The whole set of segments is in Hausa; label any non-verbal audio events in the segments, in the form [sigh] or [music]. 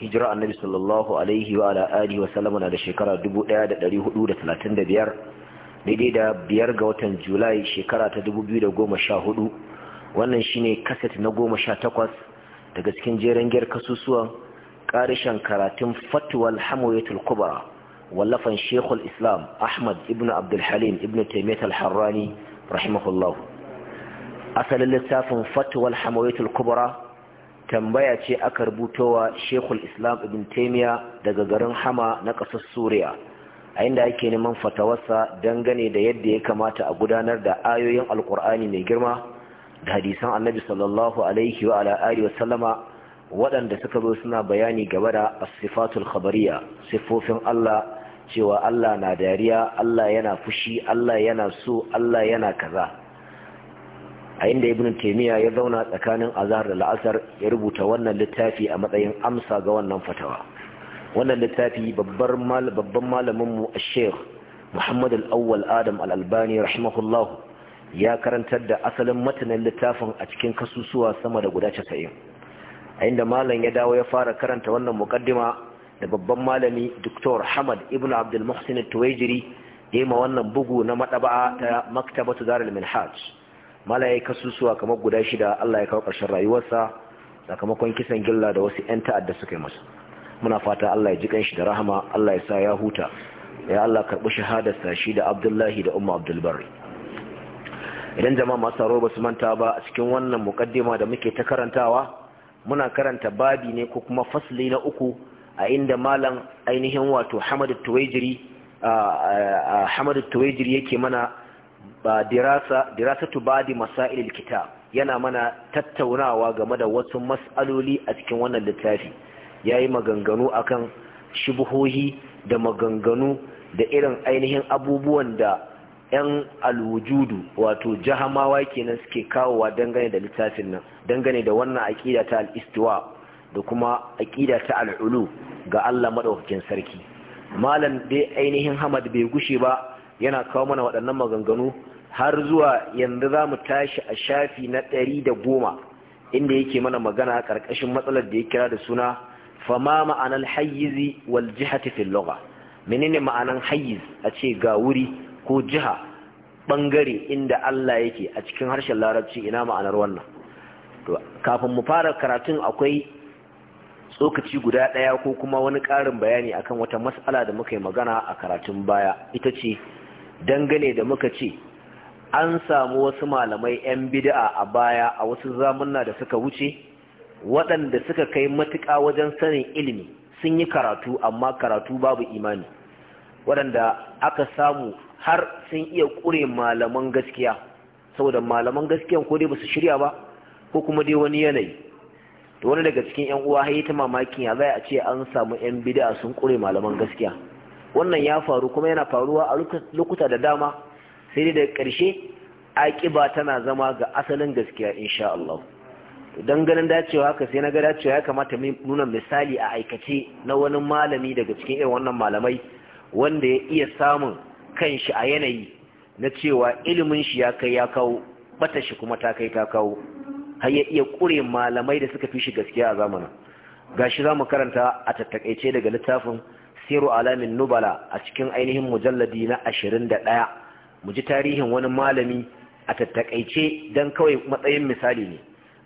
hijira annabi sallallahu alaihi wa ala alihi wa sallama na da shekara 1435 daidai da biyar ga watan julai shekara ta 2014 wannan shine kaset na 18 daga cikin jeren giyar kasusuwan karishan karatun fatuwal hamawiyatul kubra wallafan shekul islam ahmad ibn abdulhalim ibn taimiyat al-harrani rahimahullahu asalin littafin fatuwal hamawiyatul kubra tambaya ce aka rubutowa shekul islam ibn taimiya daga garin hama na ƙasar suriya a inda ake neman fatawarsa dangane da yadda ya kamata a gudanar da ayoyin alkur'ani mai girma da hadisan annabi sallallahu alaihi wa ala'ari wa sallama waɗanda suka zo suna bayani gaba da asifatul khabariya siffofin allah cewa allah na dariya allah yana fushi allah yana so allah yana kaza a inda ibn taymiya ya zauna tsakanin azhar da la'asar ya rubuta wannan littafi a matsayin amsa ga wannan fatawa wannan littafi babbar mal babban malamin mu al sheikh Muhammad al-Awwal Adam al-Albani rahimahullah ya karantar da asalin matanin littafin a cikin kasusuwa sama da guda 90 a inda malam ya dawo ya fara karanta wannan muqaddima da babban malami Dr. Hamad ibn Abdul Muhsin al-Tuwaijiri ya yi ma wannan bugu na madaba ta Maktabatu Darul Minhaj mala ya yi kasusuwa kamar guda shida Allah ya kawo ƙarshen rayuwarsa sakamakon kisan gilla da wasu 'yan ta'adda suka yi masu muna fata Allah ya ji kanshi da rahama Allah ya sa ya huta ya Allah karɓi shahadarsa shi da Abdullahi da Umma Abdulbari idan jama'a masu taro ba su manta ba a cikin wannan mukaddima da muke ta karantawa muna karanta babi ne ko kuma fasli na uku a inda malam ainihin wato Hamadu Hamadu Tuwaijiri yake mana ba dirasa dirasatu badi masailil kitab yana mana tattaunawa game da wasu mas'aloli a cikin wannan littafi yi maganganu akan shubuhohi da maganganu da irin ainihin abubuwan da 'yan alwujudu wato jahamawa kenan suke kawowa dangane da littafin nan dangane da wannan aƙida ta al'istuwa da kuma aƙida ta al'ulu ga Allah maɗaukakin sarki malam dai ainihin Ahmad bai gushe ba yana kawo mana waɗannan maganganu har zuwa yanzu za mu tashi a shafi na ɗari da goma inda yake mana magana ƙarƙashin matsalar da ya kira da suna fama ma'anar hayyizi wal jiha fil loga menene ma'anar hayyiz a ce ga wuri ko jiha ɓangare inda Allah yake a cikin harshen larabci ina ma'anar wannan kafin mu fara karatun akwai tsokaci guda ɗaya ko kuma wani ƙarin bayani akan wata matsala da muka yi magana a karatun baya ita ce dangane da muka ce an samu wasu malamai 'yan bid'a a baya a wasu zamuna da suka wuce waɗanda suka kai matuƙa wajen sanin ilimi sun yi karatu amma karatu babu imani waɗanda aka samu har sun iya ƙure malaman gaskiya saboda malaman gaskiya ko dai ba su shirya ba ko kuma dai wani yanayi to wani daga cikin 'yan uwa ya ta mamakin ya za a ce an samu 'yan bid'a sun ƙure malaman gaskiya wannan ya faru kuma yana faruwa a lokuta da dama sai dai daga ƙarshe aƙiba tana zama ga asalin gaskiya insha Allah don ganin dacewa haka sai na ga dacewa ya kamata nuna misali a aikace na wani malami daga cikin irin wannan malamai wanda ya iya samun kanshi a yanayi na cewa ilimin shi ya kai ya kawo bata shi kuma ta kai ta kawo har ya iya ƙure malamai da suka fi shi gaskiya a zamanin gashi za mu karanta a tattakaice daga littafin siru alamin nubala a cikin ainihin mujalladi na ashirin da ɗaya mu ji tarihin wani malami a tattakaice don kawai matsayin misali ne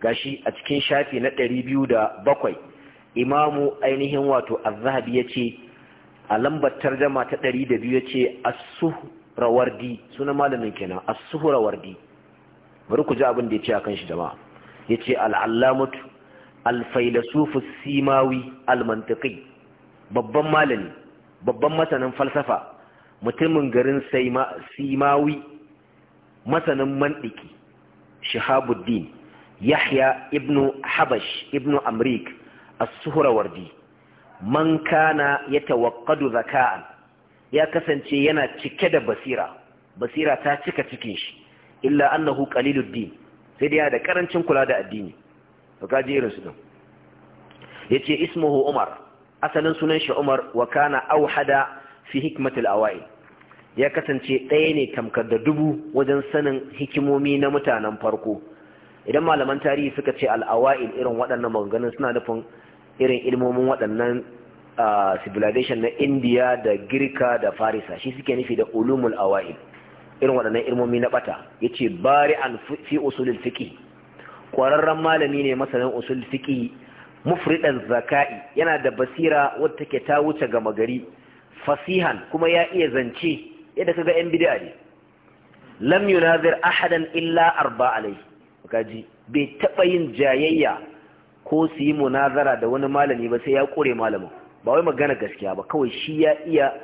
gashi a cikin shafi na ɗari biyu da bakwai imamu ainihin wato azhabi ya ce a lambar tarjama ta ɗari da biyu ya ce asuhrawardi sunan malamin kenan asuhrawardi bari ku ji abin da ya ce akan shi jama'a ya ce al'allamatu alfailasufu simawi almantiki babban malami babban masanin falsafa mutumin garin simawi masanin mandiki shihabuddin yahya ibnu habash ibnu amrik as-suhrawardi man kana yatawaqqadu zaka'an ya kasance yana cike da basira basira ta cika cikin shi illa annahu qaliluddin sai dai da karancin kula da addini to kaje irin su din yace ismuhu umar asalin sunan shi umar wa kana auhada fi hikmatul awa'il ya kasance ɗaya ne tamkar da dubu wajen sanin hikimomi na mutanen farko idan malaman tarihi suka ce al'awa'il irin waɗannan maganganun suna nufin irin ilmomin waɗannan civilization na indiya da girka da farisa shi suke nufi da ulumul awa'il irin waɗannan ilmomi na ɓata ya ce bari an fi usulul fiƙi ƙwararren malami ne masanin usul fiƙi mufridan zaka'i yana da basira wadda take ta wuce gama gari fasihan kuma ya iya zance yadda kaga yan bid'a ne lam yunazir ahadan illa arba alai kaji bai taba yin jayayya ko su yi munazara da wani malami ba sai ya kore malamin ba wai magana gaskiya ba kawai shi ya iya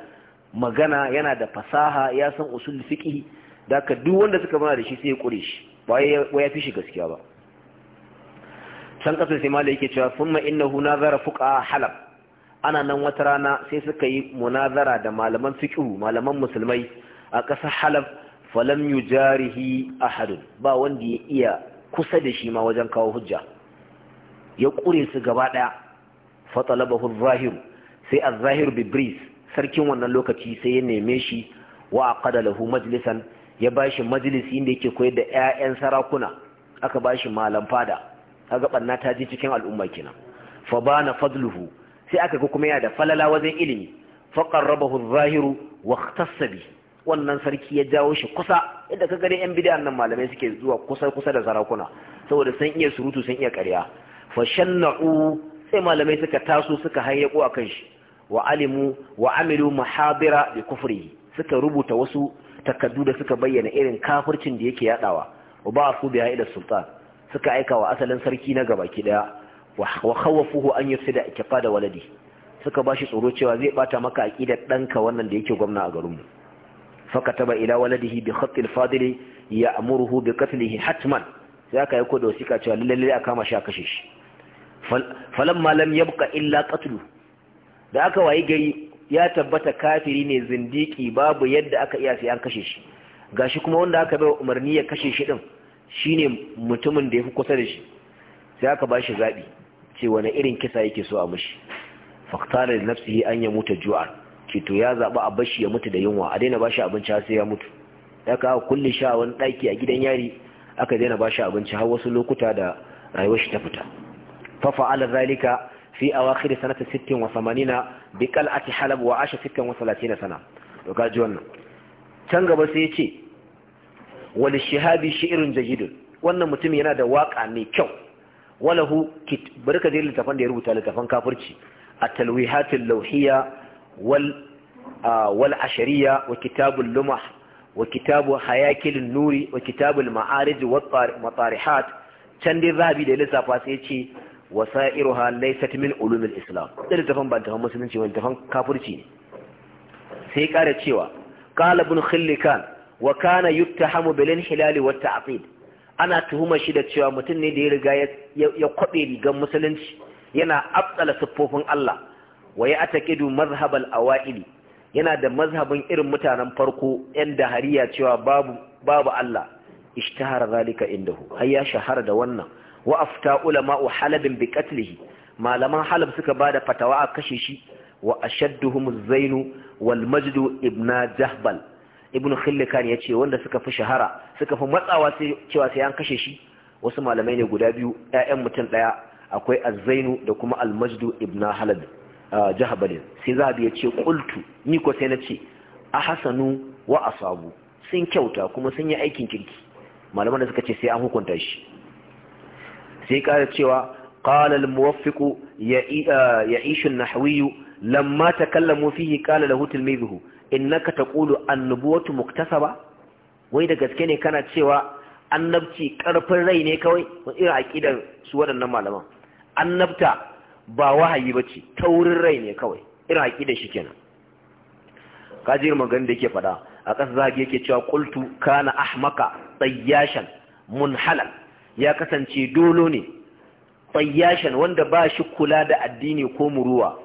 magana yana da fasaha ya san usul fiqh da ka duk wanda suka mana da shi sai ya kure shi ba ya fi shi gaskiya ba San kasar sai malai yake cewa summa innahu nazara fuqa halab ana nan wata rana sai suka yi munazara da malaman fiqh malaman musulmai a ƙasar halab falam yujarihi ahadun ba wanda ya iya kusa da shi ma wajen kawo hujja ya ƙure su gaba ɗaya fatalabahu zahir sai az-zahiru bibris sarkin wannan lokaci sai ya neme shi wa aqada lahu majlisan ya bashi majalisi inda yake koyar da 'ya'yan sarakuna aka ba shi malam fada kaga banna ta ji cikin al'umma kenan fa bana fadluhu sai aka ga kuma yana da falala wajen ilimi faqarrabahu adh-dhahiru wa ikhtassa wannan sarki ya jawo shi kusa inda ka gani yan bida nan malamai suke zuwa kusa kusa da sarakuna saboda sun iya surutu sun iya ƙarya fa shanna'u sai malamai suka taso suka hayyako akan shi wa alimu wa amilu muhabira bi kufrihi suka rubuta wasu takaddu da suka bayyana irin kafircin da yake yadawa wa ba'athu biha ila sultan suka aika wa asalin sarki na gabaki daya wa khawafuhu an yufsida i'tiqada waladi suka bashi tsoro cewa zai bata maka aqidar danka wannan da yake gwamna a garinmu fakataba ila waladihi bi khatti al-fadil ya'muruhu bi qatlihi hatman sai aka yi da wasika cewa lalle a kama shi a kashe shi falamma lam yabqa illa qatlu da aka wayi gari ya tabbata kafiri ne zindiki babu yadda aka iya sai an kashe shi gashi kuma wanda aka bai umarni ya kashe shi din shine mutumin da yafi kusa da shi sai aka bashi zabi ce wani irin kisa yake so a mushi faktarar nafsihi an ya mutu jua ce to ya zaɓi a bashi ya mutu da yunwa a daina bashi abinci har sai ya mutu ya kawo kulle sha wani ɗaki a gidan yari aka daina bashi abinci har wasu lokuta da rayuwar shi ta fita fa fa'ala zalika fi awakhir sanata 60 wa 80 bi qal'ati halab wa asha wa 30 sana to ji wannan can gaba sai ya ce wani shahabi irin jahidun wannan mutum yana da waka mai kyau walahu kit bari ka je littafan da ya rubuta littafan kafirci التلويحات اللوحية وال والعشرية وكتاب اللمح وكتاب حياكل النور وكتاب المعارج والمطارحات كان دي ذهبي دي لسا فاسيتي وسائرها ليست من علوم الإسلام دي لتفهم بانتفهم مسلمين وانتفهم كافرين سيكارة شوى قال ابن خلكان وكان يتهم بالانحلال والتعطيل ana tuhumar shi da cewa mutum ne da ya riga ya kwaɓe rigar musulunci yana abtsala siffofin Allah wa ya ataqidu mazhabal awaili yana da mazhabin irin mutanen farko yan da hariya cewa babu babu Allah ishtahara zalika indahu har ya shahara da wannan wa afta ulama'u halabin bi qatlihi malaman halab suka bada fatawa a kashe shi wa ashadduhum zainu wal majdu ibna jahbal ibn khillikan ya ce wanda suka fi shahara suka fi matsawa cewa sai an kashe shi wasu malamai ne guda biyu ƴaƴan mutum ɗaya akwai azzainu da kuma almajdu ibn halad jahabalin sai zabi ya ce qultu ni ko sai na ce ahsanu wa asabu sun kyauta kuma sun yi aikin kirki malaman da suka ce sai an hukunta shi sai ƙara cewa qala almuwaffiqu ya'ishu an-nahwi lamma takallamu fihi qala lahu tilmizuhu innaka taqulu annubuwatu muktasaba wai da gaske ne kana cewa annabci karfin rai ne kawai wani irin aqidar su waɗannan malaman annabta ba wahayi bace taurin rai ne kawai irin aqidar shi kenan kaji magan da yake faɗa a ƙasa zage yake cewa qultu kana ahmaka tayyashan munhalal ya kasance dolo ne tayyashan wanda ba shi kula da addini ko muruwa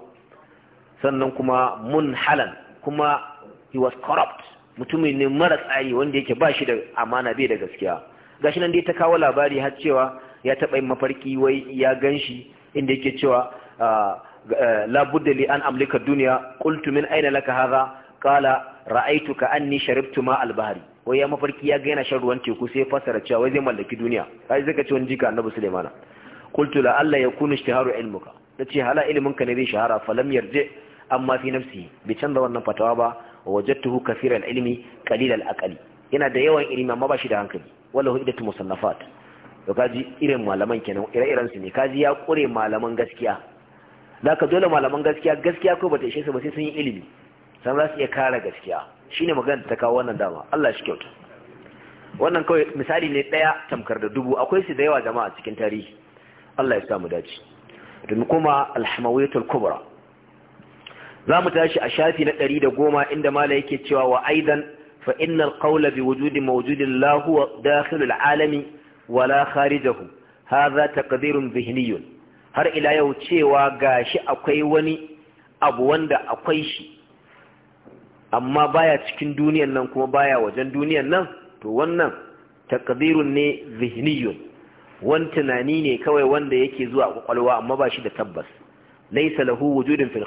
sannan kuma munhalan kuma he was corrupt mutumin ne mara tsari wanda yake ba shi da amana bai da gaskiya gashi nan dai ta kawo labari har cewa ya taba yin mafarki wai ya gan shi inda yake cewa ah, eh, budda li an amlika duniya qultu min aina laka hadha qala ra'aytuka anni sharibtu ma al-bahri wai ya mafarki ya ga yana shan ruwan teku sai fasara cewa wai zai mallaki duniya kai zaka ce wani jika annabi sulaimana qultu la alla yakunu ishtiharu ilmuka nace hala ilminka ne zai shahara falam yarje amma fi nafsi bai canza wannan fatawa ba wajattuhu wajadtuhu kaseeran ilmi qalil al aqli yana da yawan ilimi amma ba shi da hankali wallahu idatu musannafat to kaji irin malaman kenan ire-iren su ne kaji ya kure malaman gaskiya zaka dole malaman gaskiya gaskiya ko bata ishe su ba sai sun yi ilimi san za su iya kare gaskiya shine magana ta kawo wannan dama Allah shi kyauta wannan kawai misali ne daya tamkar da dubu akwai su da yawa jama'a cikin tarihi Allah ya samu dace domin kuma al-hamawiyatul kubra za mu tashi a shafi na ɗari da goma inda mala yake cewa wa aidan fa innal qawla bi wujudi mawjudin la huwa alami wala kharijahu hadha taqdirun dhihniyun har ila yau cewa gashi akwai wani abu wanda akwai shi amma baya cikin duniyan nan kuma baya wajen duniyan nan to wannan taqdirun ne zihniyun wani tunani ne kawai wanda yake zuwa kwakwalwa amma ba shi da tabbas laysa lahu wujudin fil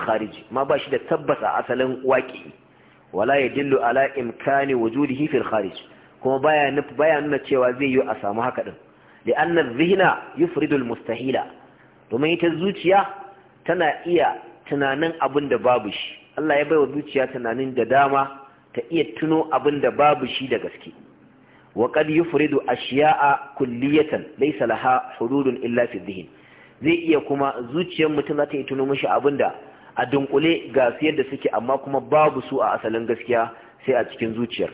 ma ba shi da a asalin waki. wala yadillu ala imkani wujudihi fil kharij kuma baya baya nuna cewa zai yi a samu haka din li'anna zihina dhihna yufridu al-mustahila domin ita zuciya tana iya tunanin abin da babu shi Allah ya baiwa zuciya tunanin da dama ta iya tuno abin da babu shi da gaske wa qad yufridu ashiya'a kulliyatan laysa laha hududun illa fi zai iya kuma zuciyar mutum za ta yi tuno mashi abin da a dunkule ga su yadda suke amma kuma babu su a asalin gaskiya sai a cikin zuciyar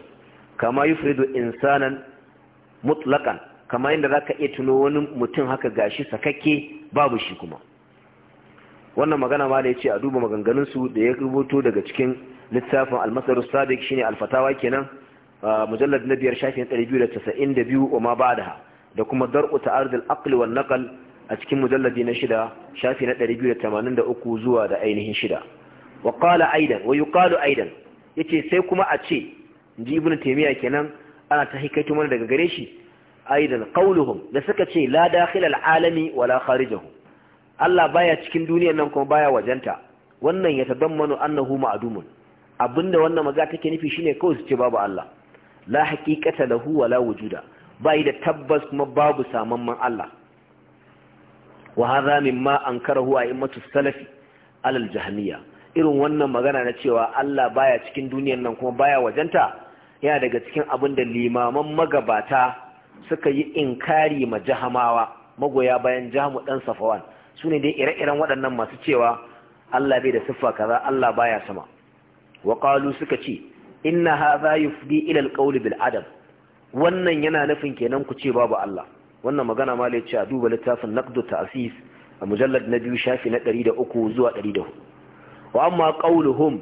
kama yufridu insanan mutlakan kama yadda za ka iya tuno wani mutum haka gashi sakakke babu shi kuma wannan magana ma da ya ce a duba maganganunsu da ya rubuto daga cikin littafin almasarar shi shine alfatawa kenan mujallar na biyar shafin 292 wa ma ba da da kuma dar'u ta al-aql wa naqal a cikin mujalladi na shida shafi na 283 zuwa da ainihin shida wa qala aidan wa yuqalu aidan yace sai kuma a ce inji ibnu taymiya kenan ana ta hikaito mana daga gare shi aidan qauluhum da suka ce la dakhil al-alami wala kharijahu Allah baya cikin duniyar nan kuma baya wajenta wannan ya tadammanu annahu ma'dumun abinda wannan maza take nufi shine kawai su ce babu Allah la haqiqata lahu wala wujuda bai da tabbas kuma babu samamman Allah Wa وهذا مما أنكره أئمة السلف alal الجهمية irin wannan magana na cewa Allah baya cikin duniyar nan kuma baya wajenta yana daga cikin abin da limaman magabata suka yi inkari ma jahamawa magoya bayan jahamu dan safawan su ne dai ire-iren waɗannan masu cewa Allah bai da siffa kaza Allah baya sama wa qalu suka ce inna hadha yufdi ila al bil adam wannan yana nufin kenan ku ce babu Allah wannan magana ma ce a duba littafin naqdu ta'sis a mujallad na biyu shafi na 103 zuwa 104 wa amma qauluhum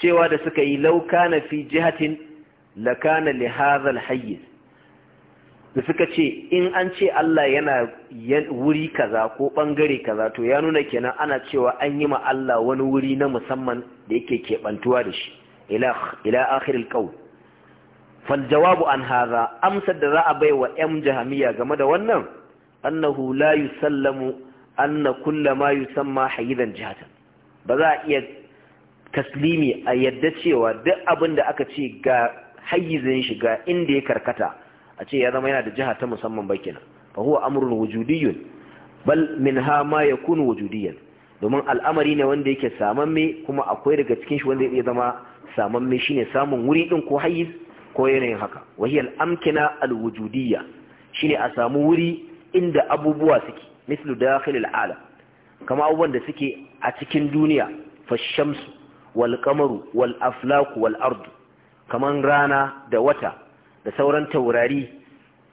cewa da suka yi law kana fi jihatin la kana li hadha al hayy da suka ce in an ce Allah yana wuri kaza ko bangare kaza to ya nuna kenan ana cewa an yi ma Allah wani wuri na musamman da yake kebantuwa da shi ila ila akhir al qaul faljawabu an haza amsar da za a bai wa 'yan jahamiya game da wannan annahu la yusallamu anna kulla ma yusamma hayyidan jihatan ba za a iya taslimi a yadda cewa duk abin da aka ce ga hayyizin shi ga inda ya karkata a ce ya zama yana da jiha ta musamman ba kenan fa huwa amrun wujudiyyun bal minha ma yakunu wujudiyyan domin al'amari ne wanda yake samamme kuma akwai daga cikin shi wanda ya zama samamme shine samun wuri din ko hayyiz ko yanayin haka wahiyar amkina alwujudiyya shine a samu wuri inda abubuwa suke mislu dakhilil alam kama abubuwan da suke a cikin duniya fashamsu wal kamaru wal aflaku wal ardu kaman rana da wata da sauran taurari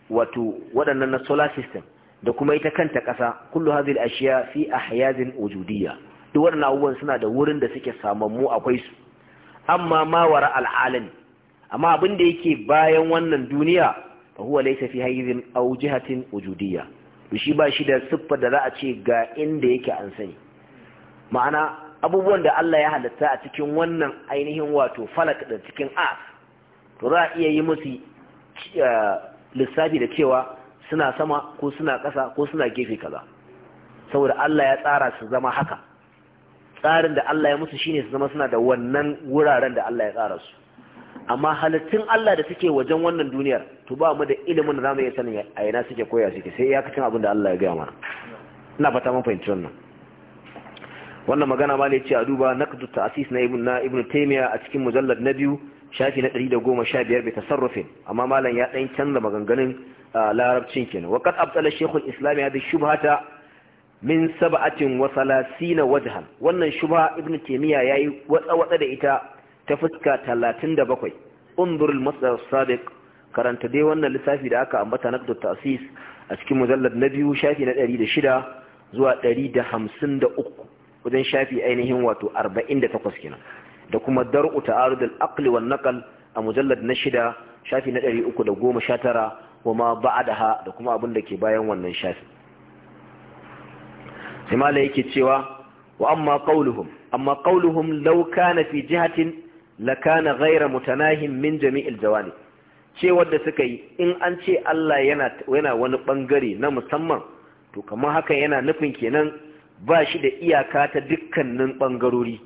wato waɗannan na solar system da kuma ita kanta ƙasa kullu hazil ashiya fi ahyazin wujudiyya duk waɗannan abubuwan suna da wurin da suke samammu akwai su amma ma wara al'alami amma abin da yake bayan wannan duniya fa huwa laysa fi hayyizin aw jihatin wujudiyya shi ba shi da siffa da za a ce ga inda yake an sani ma'ana abubuwan da Allah ya halatta a cikin wannan ainihin wato falak da cikin as to za a iya yi musu eh, lissafi da cewa suna sama ko suna ƙasa ko suna gefe kaza saboda Allah ya tsara su zama haka tsarin da Allah ya musu shine su zama suna da wannan wuraren da Allah ya tsara su amma halittun Allah da suke wajen wannan duniyar to ba mu da ilimin da zamu iya sanin a ina suke koya suke sai ya kacin abin da Allah ya gaya mana ina fata mun fahimci wannan wannan magana ma ne ce a duba naqdu ta'sis na ibn na ibn taymiya a cikin mujallar na biyu shafi na 115 bi tasarrufin amma malam ya ɗan canza maganganun larabcin kenan wa qad abtala shaykhul islam hadhihi shubhata min sab'atin wa 30 wajhan wannan shubha ibn ya yi watsa watsa da ita ta fuska talatin da bakwai masdar as-sabiq karanta dai wannan lissafi da aka ambata na ta'sis a cikin mujallar na biyu shafi na 106 zuwa 153 wajen shafi ainihin wato 48 kenan da kuma dar'u ta'arud al-aqli wan naql a mujallar na shida shafi na 319 wa ma ba'daha da kuma abin da ke bayan wannan shafi sai mala yake cewa wa amma qauluhum amma qauluhum law kana fi jihatin lakana ghaira mutanahin min jami'il jawani ce wanda suka yi in an ce Allah yana yana wani bangare na musamman to kamar haka yana nufin kenan ba shi da iyaka ta dukkanin bangarori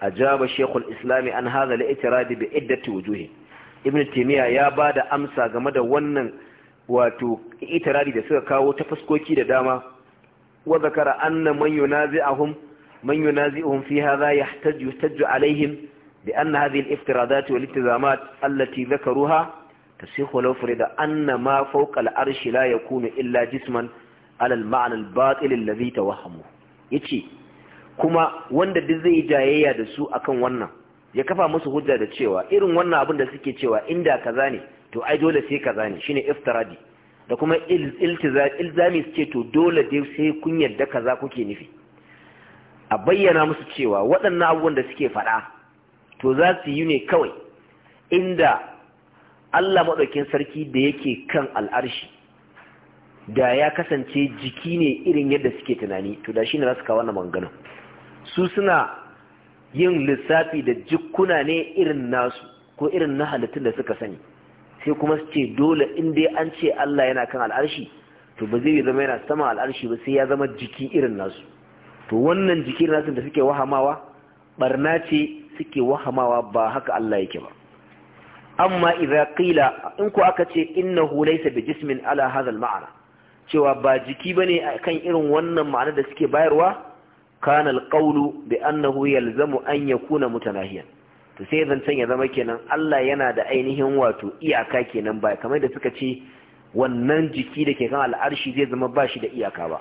ajaba shekul islami an hadha al-i'tirad bi iddati wujuhi ibn taymiya ya amsa game da wannan wato itirari da suka kawo ta fuskoki da dama wa zakara anna man yunazi'uhum man yunazi'uhum fi hadha yahtaju yahtaju alaihim بأن هذه ta والالتزامات التي ذكروها da لو فرض أن ما فوق العرش لا يكون إلا جسما على المعنى الباطل الذي توهمه يتي kuma wanda duk zai jayayya da su akan wannan ya kafa masu hujja da cewa irin wannan abun da suke cewa inda kaza ne to ai dole sai kaza ne shine iftiradi da kuma ilzami suke to dole dai sai kun yarda kaza kuke nufi a bayyana musu cewa waɗannan abubuwan da suke faɗa to za su yi ne kawai inda Allah maɗaukin sarki da yake kan al'arshi da ya kasance jiki ne irin yadda suke tunani to da shi ne za su kawo wannan su suna yin lissafi da jikuna ne irin nasu ko irin na halittun da suka sani sai kuma su ce dole in dai an ce Allah yana kan al'arshi to ba zai zama yana sama al'arshi ba sai ya zama jiki irin nasu to wannan jikin nasu da suke wahamawa barna ce suke wahamawa ba haka Allah yake ba amma idza qila in ku aka ce innahu laysa bi jismin ala hadha al ma'ana cewa ba jiki bane kan irin wannan ma'ana da suke bayarwa kana al qawlu bi annahu yalzamu an yakuna mutanahiyan to sai zancen ya zama kenan Allah yana da ainihin wato iyaka kenan ba kamar da suka ce wannan jiki da ke kan al'arshi zai zama ba shi da iyaka ba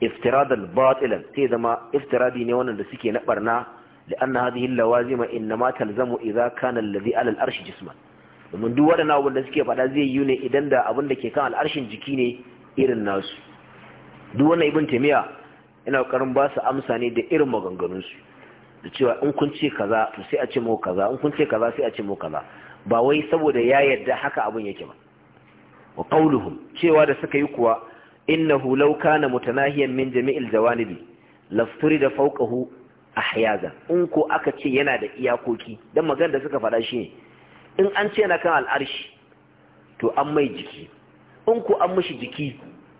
iftiradal batilan sai zama iftiradi ne wannan da suke na barna لأن هذه اللوازم إنما تلزم إذا كان الذي على الأرش جسما domin duk waɗannan abin da suke faɗa zai yi ne idan da abin da ke kan al'arshin jiki ne irin nasu duk wannan ibn taimiyya yana ƙarin ba su amsa ne da irin maganganunsu da cewa in kun ce kaza to sai a ce mu kaza in kun ce kaza sai a ce mu kaza ba wai saboda ya yarda haka abin yake ba wa cewa da suka yi kuwa innahu law mutanahiyan min jami'il jawanibi da Faukahu. ahyaza in ko aka ce yana da iyakoki dan magana da suka faɗa shi ne in an ce yana kan al'arshi to an mai jiki in ko an mishi jiki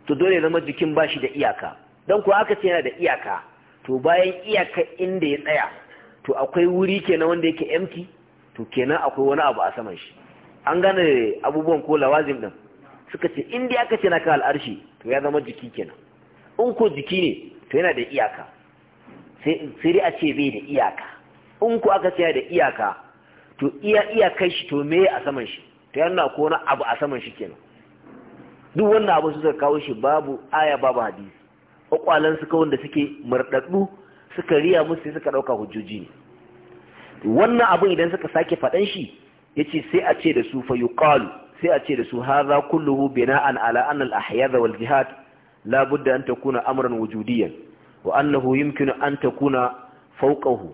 to dole zama jikin ba da iyaka dan ko aka ce yana da iyaka to bayan iyaka inda ya tsaya to akwai wuri kenan wanda yake empty to kenan akwai wani abu a saman shi an gane abubuwan ko lawazim din suka ce in dai aka ce na kan al'arshi to ya zama jiki kenan in ko jiki ne to yana da iyaka sai a ce bai da iyaka in ku aka siya da iyaka to iya kai shi to me a saman shi to yana ko wani abu a saman shi kenan duk wannan abu suka kawo shi babu aya babu hadisi kwakwalan suka wanda suke murɗaɗɗu suka riya musu suka ɗauka hujjoji ne wannan abin idan suka sake faɗan shi ya ce sai a ce da su fa yuqalu sai a ce da su haza kulluhu bina'an ala an al-ahyad wal jihad la budda an takuna amran wujudiyan wa annahu yumkinu an takuna fawqahu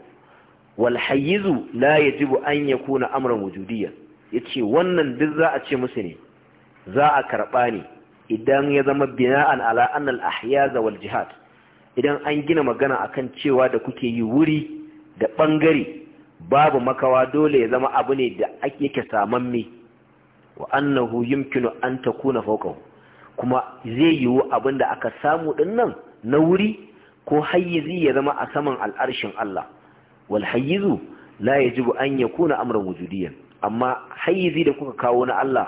wal hayyiz la yajibu an yakuna amran wujudiyyan yace wannan duk za a ce musu ne za a karba ne idan ya zama bina'an ala annal ahyaz wal jihad idan an gina magana akan cewa da kuke yi wuri da bangare babu makawa dole ya zama abu ne da yake samamme wa annahu yumkinu an takuna fawqahu kuma zai yiwu abin da aka samu dinnan na wuri ko hayyizi ya zama a saman al'arshin Allah wal hayyizu la yajibu an yakuna amran wujudiyan amma hayyizi da kuka kawo na Allah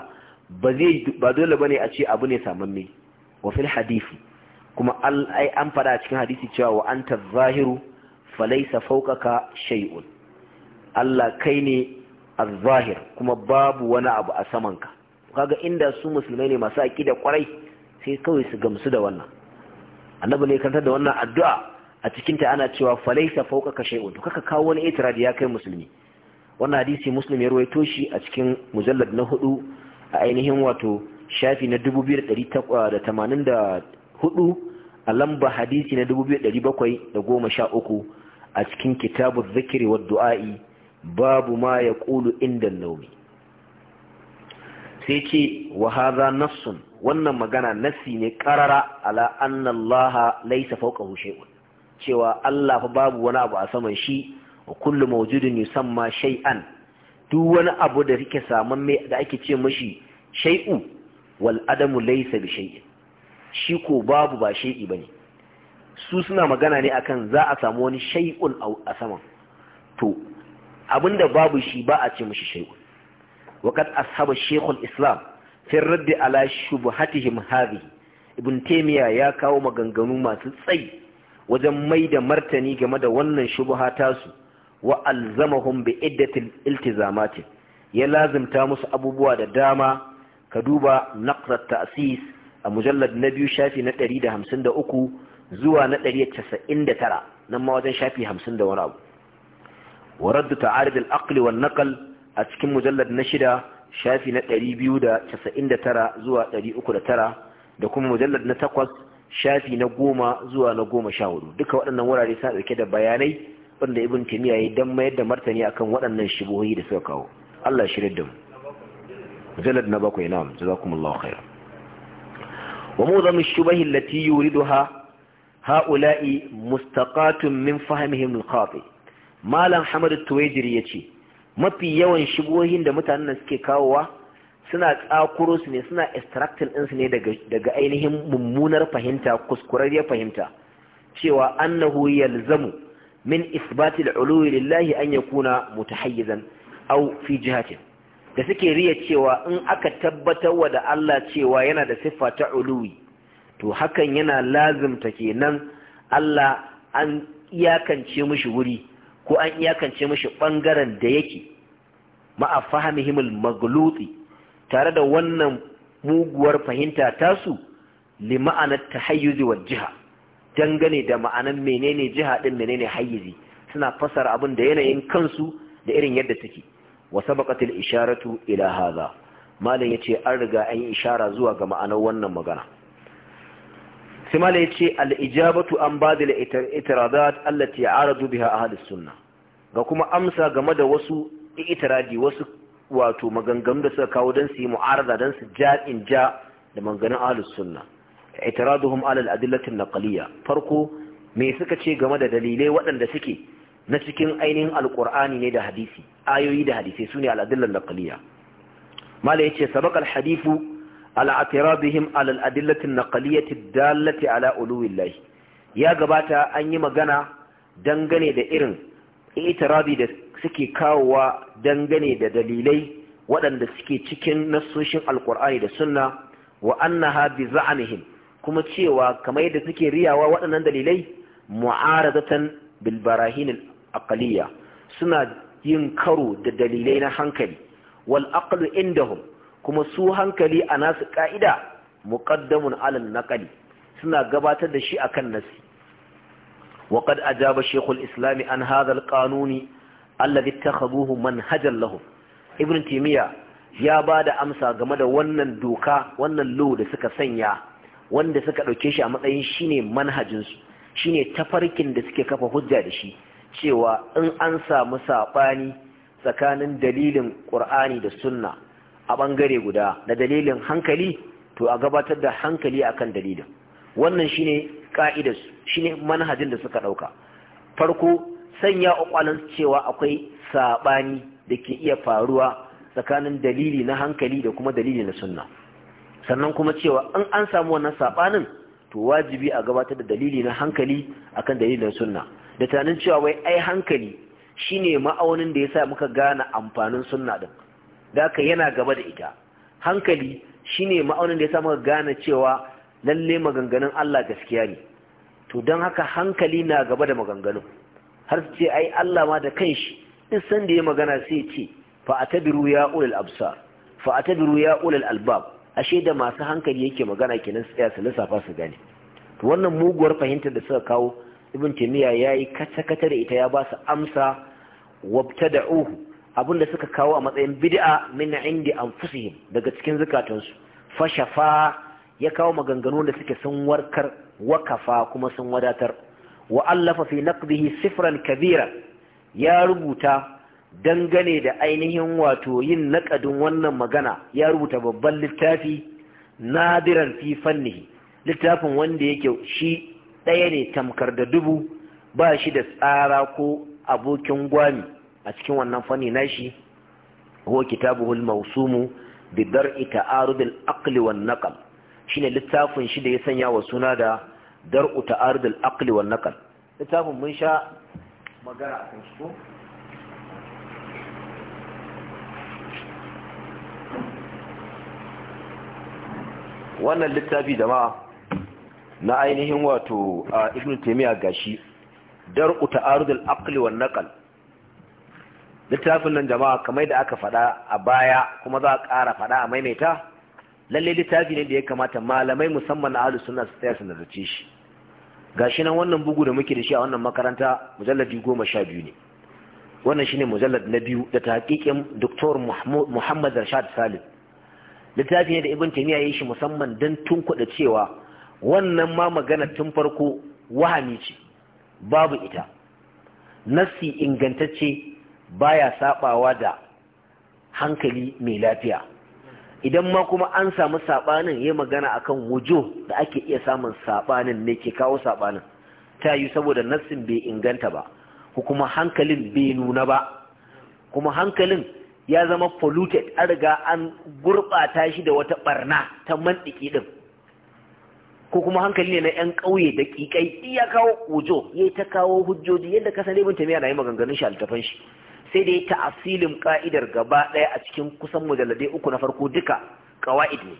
ba zai ba dole bane a ce abu ne samamme wa fil hadisi kuma ai an fada cikin hadisi cewa wa anta zahiru falaysa fawqaka shay'un Allah kai ne az-zahir kuma babu wani abu a samanka kaga inda su musulmai ne masu aqida kwarai sai kawai su gamsu da wannan annabi ne kantar da wannan addu'a a cikin ta ana cewa falaisa ka shay'un to kaka kawo wani itirad ya kai musulmi wannan hadisi muslim ya ruwaito shi a cikin mujallad na hudu a ainihin wato shafi na 2884 a lamba hadisi na 2713 a cikin kitabu zikiri wa du'a'i babu ma ya kulu inda naumi sai ce wa Nafsun. nafsun wannan magana nasi ne karara ala annallaha Allah laysa fawqahu shay'un cewa Allah fa babu wani abu a saman shi wa kullu mawjudin yusamma shay'an duk wani abu da rike saman mai da ake ce mashi shay'u wal adamu laysa bi shay'in shi ko babu ba shay'i bane su suna magana ne akan za a samu wani shay'un a saman to abinda babu shi ba a ce mashi shay'un waqad ashaba shaykhul islam fil raddi ala shubhatihim hadhi ibn taymiya ya kawo maganganu masu tsayi wajen mai da martani game da wannan shubha tasu wa alzamahum bi iddatil iltizamati ya lazimta musu abubuwa da dama ka duba naqrat ta'sis a mujallad na biyu shafi na 153 zuwa na 199 nan ma wajen shafi 50 da wani abu wa raddu ta'arid al-aql wal naql a cikin mujallad na shida shafi na 299 zuwa 309 da kuma mujallar na takwas shafi na goma zuwa na goma sha hudu duka waɗannan wurare sa ɗauke da bayanai wanda ibn timiya ya dan mayar da martani akan waɗannan shibohi da suka kawo Allah shirye da mu mujallar na bakwai na'am jazakumullahu khair wa mu'dham ash-shubahi allati yuriduha ha'ula'i mustaqatun min fahmihim al-khati malam hamad at-tuwajiri yace mafi yawan shigohin da mutanen suke kawowa suna tsakuro su ne suna extractin ɗinsu ne daga ainihin mummunar fahimta ya fahimta cewa annahu yalzamu min isbatil uluwi lillahi an yakuna mutahayyizan aw fi jihatin da suke riya cewa in aka tabbatar wa da Allah cewa yana da siffa ta uluwi to hakan yana lazimta kenan Allah an iyakance mishi wuri ko an iyakance mashi ɓangaren da yake ma'a fahimihimul maglutsi tare da wannan muguwar fahimta tasu li ma'anar tahayyuzi wa jiha dangane da ma'anar menene jiha din menene hayyizi suna fasara abin da yanayin kansu da irin yadda take wa sabaqatil isharatu ila hadha malam yace an riga an yi ishara zuwa ga ma'anar wannan magana sai mala ya ce al'ijabatu an ba da itiradat allati aradu biha ahlus sunna ga kuma amsa game da wasu itiradi wasu wato maganganu da suka kawo dan su yi mu'arada don su ja in ja da maganganun ahlus sunna itiraduhum ala al-adillati naqliyya farko me suka ce game da dalilai waɗanda suke na cikin ainihin alqur'ani ne da hadisi ayoyi da hadisi su ne adillan naqliyya mala yace sabaq al ala atirabihim ala al-adillati an-naqliyati dallati ala uluwillahi ya gabata an yi magana dangane da irin itirabi da suke kawowa dangane da dalilai waɗanda suke cikin nasoshin alkur'ani da sunna wa annaha bi kuma cewa kamar da suke riyawa waɗannan dalilai mu'aradatan bil barahin suna yin karo da dalilai na hankali wal aqlu indahum kuma su hankali a nasu ƙa'ida muƙaddamun alal naƙali, suna gabatar da shi akan nasi wa qad ajaba shaykhul islam an hadha alqanuni alladhi ittakhadhuhu manhajar lahum ibn timiya ya da amsa game da wannan doka wannan law da suka sanya wanda suka ɗauke shi a matsayin shine manhajinsu su shine tafarkin da suke kafa hujja da shi cewa in an samu saɓani tsakanin dalilin ƙur'ani da sunna a ɓangare guda na dalilin hankali to a gabatar da hankali akan dalilin wannan shine ka'idar shine manhajin da suka ɗauka. farko sanya kwakwalon cewa akwai saɓani da ke iya faruwa tsakanin dalili na hankali da kuma dalili na sunna sannan kuma cewa in an samu wannan saɓanin, to wajibi a gabatar da dalili na hankali akan dalilin sunna da tunanin cewa wai ai hankali shine ma'aunin da ya sa muka gane amfanin sunna din da yana gaba da ita hankali shine ma'aunin da ya samu gane cewa lalle maganganun Allah gaskiya ne to don haka hankali na gaba da maganganun har su ce ai Allah ma da kanshi in san da ya magana sai ce fa tabiru ya ulal absar fa tabiru ya ulal albab ashe da masu hankali yake magana kenan nan tsaya su lissafa su gane to wannan muguwar fahimtar da suka kawo ibn taymiya yayi kata kata da ita ya ba su amsa wabtada'uhu abin da suka kawo a matsayin bid'a min indi anfusihim daga cikin zukatansu fashafa ya kawo maganganu da suke sun warkar wakafa kuma sun wadatar wa allafa fi naqdihi sifran kabira ya rubuta dangane da ainihin wato yin naƙadin wannan magana ya rubuta babban littafi nadiran fi fannihi littafin wanda yake shi ɗaya ne tamkar da dubu ba shi da tsara ko abokin gwami a cikin wannan fanni nashi huwa kitabuhu al-mawsumu bi dar'i ta'arud al-aql wan naql shine littafin shi da ya sanya wa suna da dar'u ta'arud al-aql wan naql littafin mun sha magana a kan shi ko wannan littafi ma na ainihin wato ibn taymiya gashi dar'u ta'arud al-aql wan naql littafin nan jama'a kamar da aka faɗa a baya kuma za a ƙara faɗa a maimaita lalle littafi ne da ya kamata malamai musamman na ahlus sunna su tsaya su nazarce shi gashi nan wannan bugu da muke da shi a wannan makaranta mujalladi goma sha biyu ne wannan shine mujallad na biyu da ta hakikin doktor Muhammad Rashad Salim littafi ne da Ibn Taymiyyah ya shi musamman dan tunkuɗa cewa wannan ma magana tun farko wahami ce babu ita nassi ingantacce baya sabawa da hankali mai lafiya idan ma kuma an samu sabanin ya magana akan wujo da ake iya samun sabanin ne ke kawo sabanin ta yi saboda nassin bai inganta ba ko kuma hankalin bai nuna ba kuma hankalin ya zama polluted an riga an gurɓata shi da wata barna ta mantiki din ko kuma hankali ne na 'yan ƙauye da ƙiƙai iya kawo wujo ya ta kawo hujjoji yadda kasa ne bin na yi maganganun shi a littafan shi sai dai ta ta'asilin ka'idar gaba ɗaya a cikin kusan mujalladai uku na farko duka kawa'id ne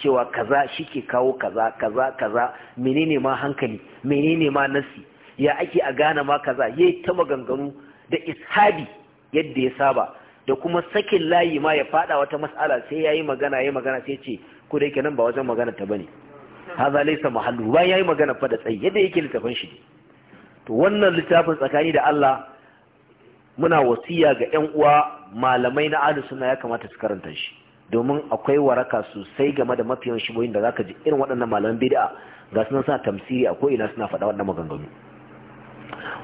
cewa kaza shi ke kawo kaza kaza kaza menene ma hankali menene ma nasi ya ake a gane ma kaza yayi ta maganganu da ishabi yadda ya saba da kuma sakin layi ma ya fada wata mas'ala sai yayi magana yayi magana sai ce ko da yake nan ba wajen magana ta bane haza laysa mahallu ba yi magana fa da tsayi yadda yake littafin shi to wannan littafin tsakani da Allah muna wasiya ga yan uwa malamai na ahlus suna ya kamata su karanta shi domin akwai waraka sosai game da mafiyan shigoyin da zaka ji irin waɗannan malaman bid'a ga sunan sa tamsiri a ko'ina suna faɗa waɗannan maganganu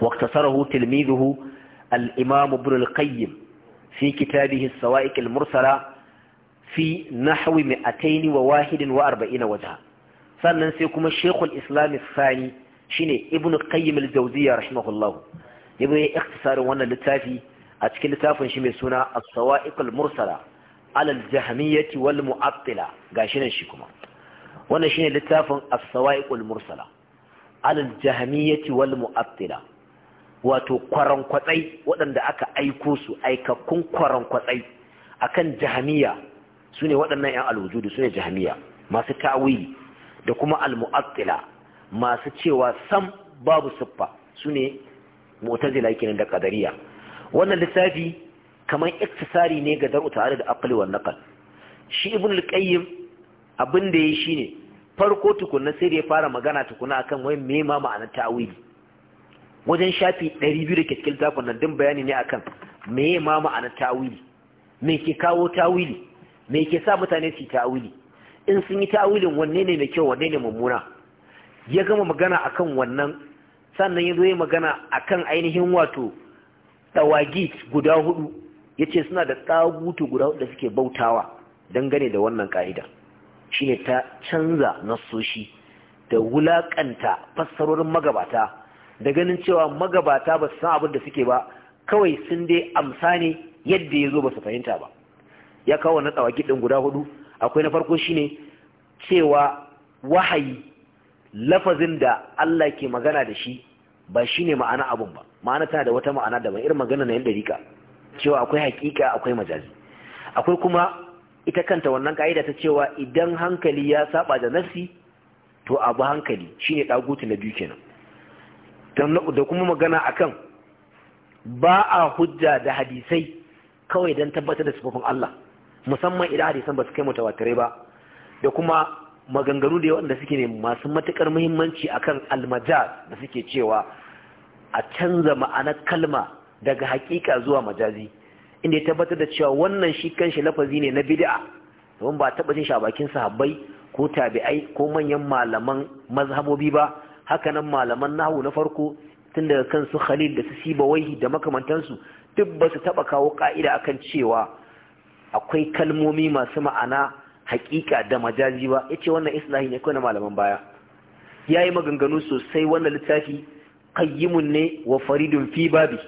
waqtasarahu tilmiduhu al-imam ibn al-qayyim fi kitabihi as-sawa'iq al-mursala fi nahwi arba'ina wajha sannan sai kuma shaykhul islam Sani, shine ibn qayyim al-jawziyya rahimahullahu ya bai ikhtisarin wannan littafi a cikin littafin shi mai suna as-sawa'iqul mursala alal jahmiyyati wal mu'attila gashi nan shi kuma wannan shine littafin as-sawa'iqul mursala alal jahmiyyati wal mu'attila wato kwatsai waɗanda aka aiko su aikakkun kwatsai akan jahmiya sune waɗannan ƴan alwujudu sune jahmiya masu ta'wili da kuma al masu cewa sam babu siffa sune mu'tazila kenan da qadariya wannan littafi kamar iktisari ne ga dar'u tare da aqli wa naqal shi ibn al-qayyim abin da yayi shine farko tukunna sai da ya fara magana tukuna akan wai me ma ma'anar ta'wili wajen shafi 200 da cikin littafin nan din bayani ne akan me ma ma'anar ta'wili me ke kawo ta'wili me ke sa mutane su ta'wili in sun yi ta'wilin wanne ne mai kyau wanne ne mummuna ya gama magana akan wannan sannan ya zo yi magana a kan ainihin wato ɗawagi guda hudu ya ce suna da tsagutu guda hudu da suke bautawa dangane da wannan ka'ida ne ta canza nassoshi da wulaƙanta fassarorin magabata da ganin cewa magabata ba su san abin da suke ba kawai sun dai amsa ne yadda ya zo ba su fahimta ba ya kawo na ɗawagi ɗin guda hudu akwai na farko shine cewa wahayi lafazin da Allah ke magana da shi ba shi ne ma'ana abun ba ma'ana tana da wata ma'ana da irin magana na yadda rika cewa akwai hakika akwai majazi akwai kuma ita kanta wannan ka'ida ta cewa idan hankali ya saba da nafsi to abu hankali shine dagutu na biyu kenan da kuma magana akan ba a hujja da hadisai kawai don tabbatar da sufafin Allah musamman idan hadisan ba su kai mutawatirai ba da kuma maganganu da waɗanda suke ne masu matuƙar muhimmanci akan almajaz da suke cewa a canza ma'anar kalma daga hakika zuwa majazi inda ya tabbatar da cewa wannan shi kan shi lafazi ne na bid'a domin ba taɓa jin shabakin sahabbai ko tabi'ai ko manyan malaman mazhabobi ba Haka nan, malaman nahu na farko tun daga kansu khalil da su waihi da makamantansu duk ba su taɓa kawo ka'ida akan cewa akwai kalmomi masu ma'ana hakika da majazi ba yace wannan islahi ne kawai na malaman baya yayi maganganu sosai wannan littafi qayyimun ne wa faridun fi babi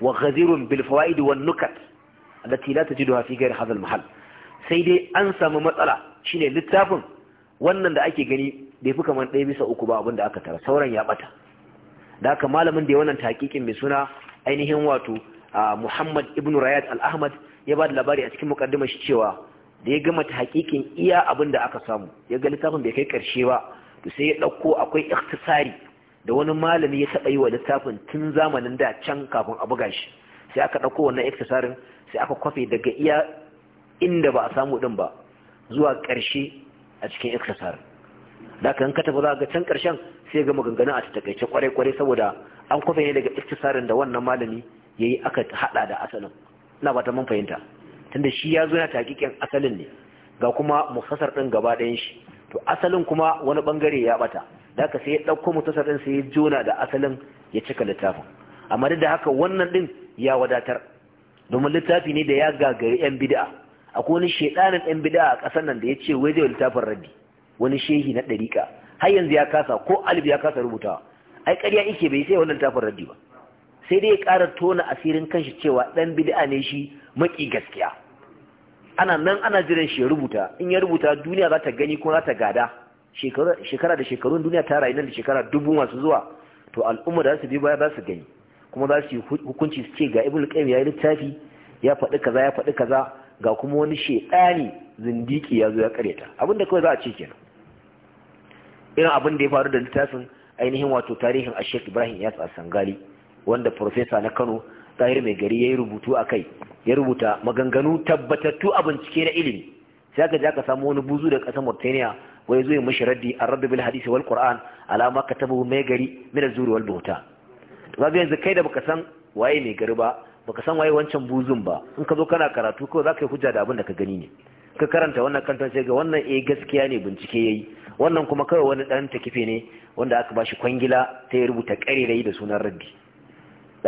wa ghazirun bil fawaid wan nukat allati la tajiduha fi ghayr hadha al mahal sai dai an samu matsala shine littafin wannan da ake gani bai fi kamar ɗaya bisa uku ba abin da aka tara sauran ya bata da haka malamin da ya wannan tahqiqin mai suna ainihin wato ah, Muhammad ibn Rayyad al-Ahmad ya ba da labari a cikin mukaddimar shi cewa da ya gama ta hakikin iya abin da aka samu ya ga littafin bai kai karshe ba to sai ya ɗauko akwai iktisari da wani malami ya taɓa yi wa littafin tun zamanin da can kafin a buga shi sai aka ɗauko wannan ikhtisarin sai aka kwafe daga iya inda ba a samu ɗin ba zuwa ƙarshe a cikin iktisarin. da ka tafi za ga can ƙarshen sai gama maganganun a takaice kwarai-kwarai saboda an kwafe ne daga iktisarin da wannan malami ya yi aka haɗa da asalin ina ba ta mun fahimta tunda shi ya zo na takikin asalin ne ga kuma mufassar ɗin gaba ɗayan shi to asalin kuma wani bangare ya bata da ka sai ya ɗauko mutasar din sai ya jona da asalin ya cika littafin amma duk da haka wannan din ya wadatar domin littafi ne da ya gagari yan bid'a akwai wani shedanin yan bid'a a ƙasar nan da ya ce wai zai littafin rabi wani shehi na ɗariƙa har yanzu ya kasa ko alif ya kasa rubutawa ai ƙarya yake bai sai wannan littafin rabi ba sai dai ya ƙara tona asirin kanshi cewa ɗan bid'a ne shi maki gaskiya ana nan ana jiran shi ya rubuta in ya rubuta duniya za ta gani ko za ta gada shekara da shekarun duniya ta rayu nan da shekara dubu masu zuwa to al'umma da su bi baya za su gani kuma za su yi hukunci su ce ga ibn qayyim ya yi littafi ya faɗi kaza ya faɗi kaza ga kuma wani shedani zindiki ya zo ya kareta abin da kawai za a ce kenan irin abin da ya faru da littafin ainihin wato tarihin ashek ibrahim ya a sangali wanda profesa na kano tahir mai gari ya yi rubutu a kai ya rubuta maganganu tabbatattu a bincike na ilimi sai ka je ka samu wani buzu da ƙasar mauritania wai zo ya mashi raddi a rabbi bil hadisi wal qur'an alama ka taba mai gari mina zuri wal bauta ba zai yanzu kai da baka san waye mai gari ba baka san waye wancan buzun ba in ka zo kana karatu kawai ka yi hujja da abin da ka gani ne ka karanta wannan kantan sai ga wannan eh gaskiya ne bincike yi, wannan kuma kawai wani dan takife ne wanda aka bashi kwangila ta ya rubuta ƙarerayi da sunan raddi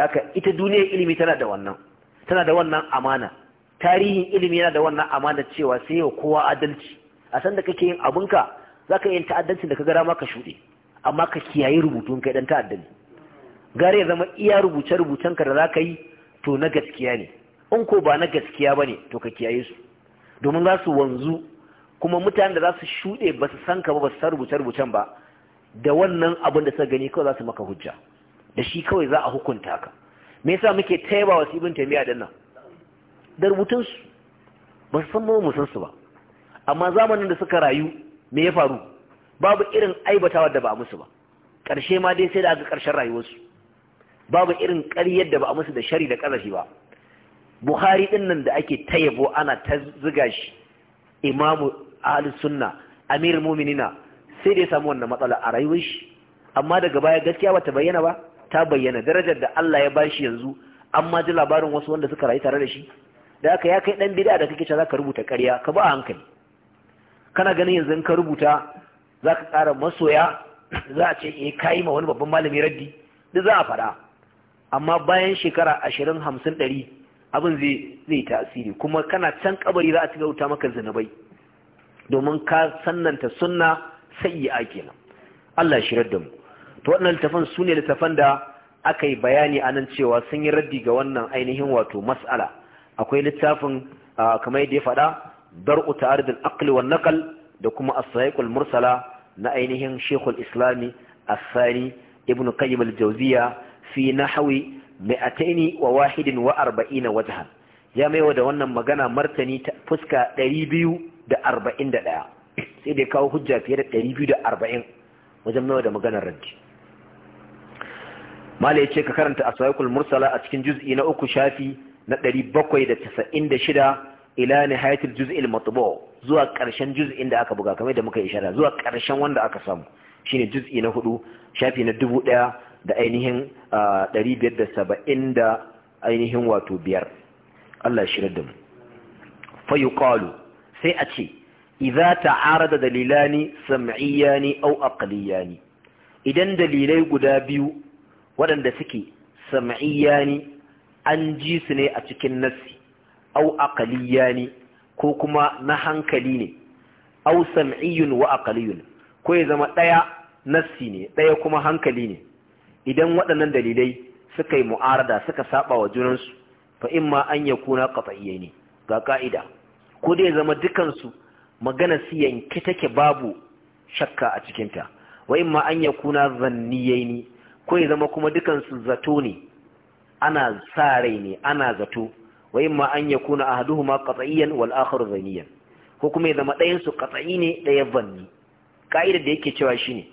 haka ita duniyar ilimi tana da wannan tana da wannan amana tarihin ilimi yana da wannan amana cewa sai yau kowa adalci a san kake yin abinka za ka yi ta'addancin da ka gara maka shuɗe amma ka kiyaye rubutun kai dan ta'adda gare ya zama iya rubuce rubucen da za ka yi to na gaskiya ne in ko ba na gaskiya ba ne to ka kiyaye su domin za su wanzu kuma mutanen da za su shuɗe ba su san ka ba ba su san rubuce rubucen ba da wannan abin da suka gani kawai za su maka hujja da shi kawai za a hukunta ka me yasa muke taiba wasu ibn taymiya din nan da rubutun su ba su san mu san su ba amma zamanin da suka rayu me ya faru babu irin aibatawa da ba a musu ba karshe ma dai sai da aka karshen rayuwarsu babu irin ƙaryar da ba a musu da shari da ƙazafi ba buhari din nan da ake tayabo ana ta ziga shi imamu ahlus sunna amirul mu'minina sai da ya samu wannan matsala a rayuwar shi amma daga baya gaskiya bata bayyana ba ta bayyana darajar da Allah ya bashi yanzu an ma ji labarin wasu wanda suka rayu tare da shi da aka ya kai dan bid'a da kake cewa zaka rubuta ƙarya ka ba hankali kana ganin yanzu ka rubuta zaka ƙara masoya za a ce eh kai ma wani babban malami raddi duk za a faɗa amma bayan shekara ashirin hamsin ɗari abin zai zai tasiri kuma kana can kabari za a ci rubuta maka zinabai, domin ka sannanta sunna sai ya kenan Allah shirar da mu to waɗannan littafan su ne littafan da aka yi bayani a nan cewa sun yi raddi ga wannan ainihin wato mas'ala akwai littafin kamar yadda ya faɗa dar'u ta'aridul aqli wan naqal da kuma as-sahiqul mursala na ainihin shekul islami asani ibn qayyim al-jawziya fi nahwi mi'ataini wa wahidin wa arba'ina ya maiwa da wannan magana martani ta fuska 241 sai dai kawo hujja fiye da 240 wajen maiwa da maganar raddi mala ya ce ka karanta aswaikul mursala a cikin juz'i na uku shafi na 796 ila nihayatul juz'il matbu zuwa karshen juz'in da aka buga kamar da muka ishara zuwa karshen wanda aka samu shine juz'i na hudu shafi na dubu daya da ainihin ɗari biyar da saba'in da ainihin wato biyar Allah shirar da mu fayuqalu sai a ce idza ta'arada dalilani sam'iyani aw aqliyani idan dalilai guda biyu waɗanda suke ne an ji su ne a cikin nassi au ne ko kuma na hankali ne au sam'iyyun wa aqaliyyun ko ya zama ɗaya nassi ne ɗaya kuma hankali ne idan waɗannan dalilai suka yi mu'arada suka saba wa junansu fa imma an yakuna qat'iyya ne ga ka'ida ko da ya zama dukansu magana su yanke take babu shakka a cikinta wa imma an yakuna zanniyai ne ko ya zama kuma dukansu zato ne ana sa rai ne ana zato wa imma an yakuna ahaduhuma katsayiyan wal akhar zaniyan ko kuma ya zama ɗayan su qat'i ne ɗaya banni ka'idar da yake cewa shine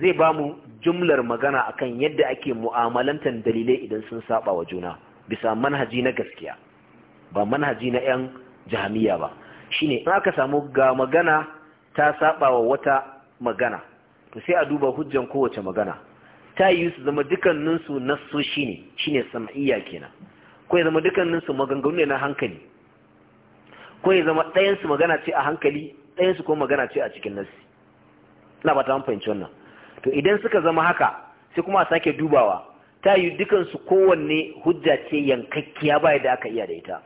zai ba mu jumlar magana akan yadda ake mu'amalantar dalilai idan sun saba wa juna bisa manhaji na gaskiya ba manhaji na yan jahamiya ba shine in aka samu ga magana ta saba wa wata magana to sai a duba hujjan kowace magana ta yi su zama dukkaninsu shi ne shine sama'iyya kenan ko ya zama dukkaninsu maganganu ne na hankali ko ya zama ɗayansu magana ce a hankali ɗayansu kuma magana ce a cikin nassi ina ba ta fahimci wannan to idan suka zama haka sai kuma a sake dubawa ta yi dukansu kowanne hujja ce yankakkiya baya da aka iya da ita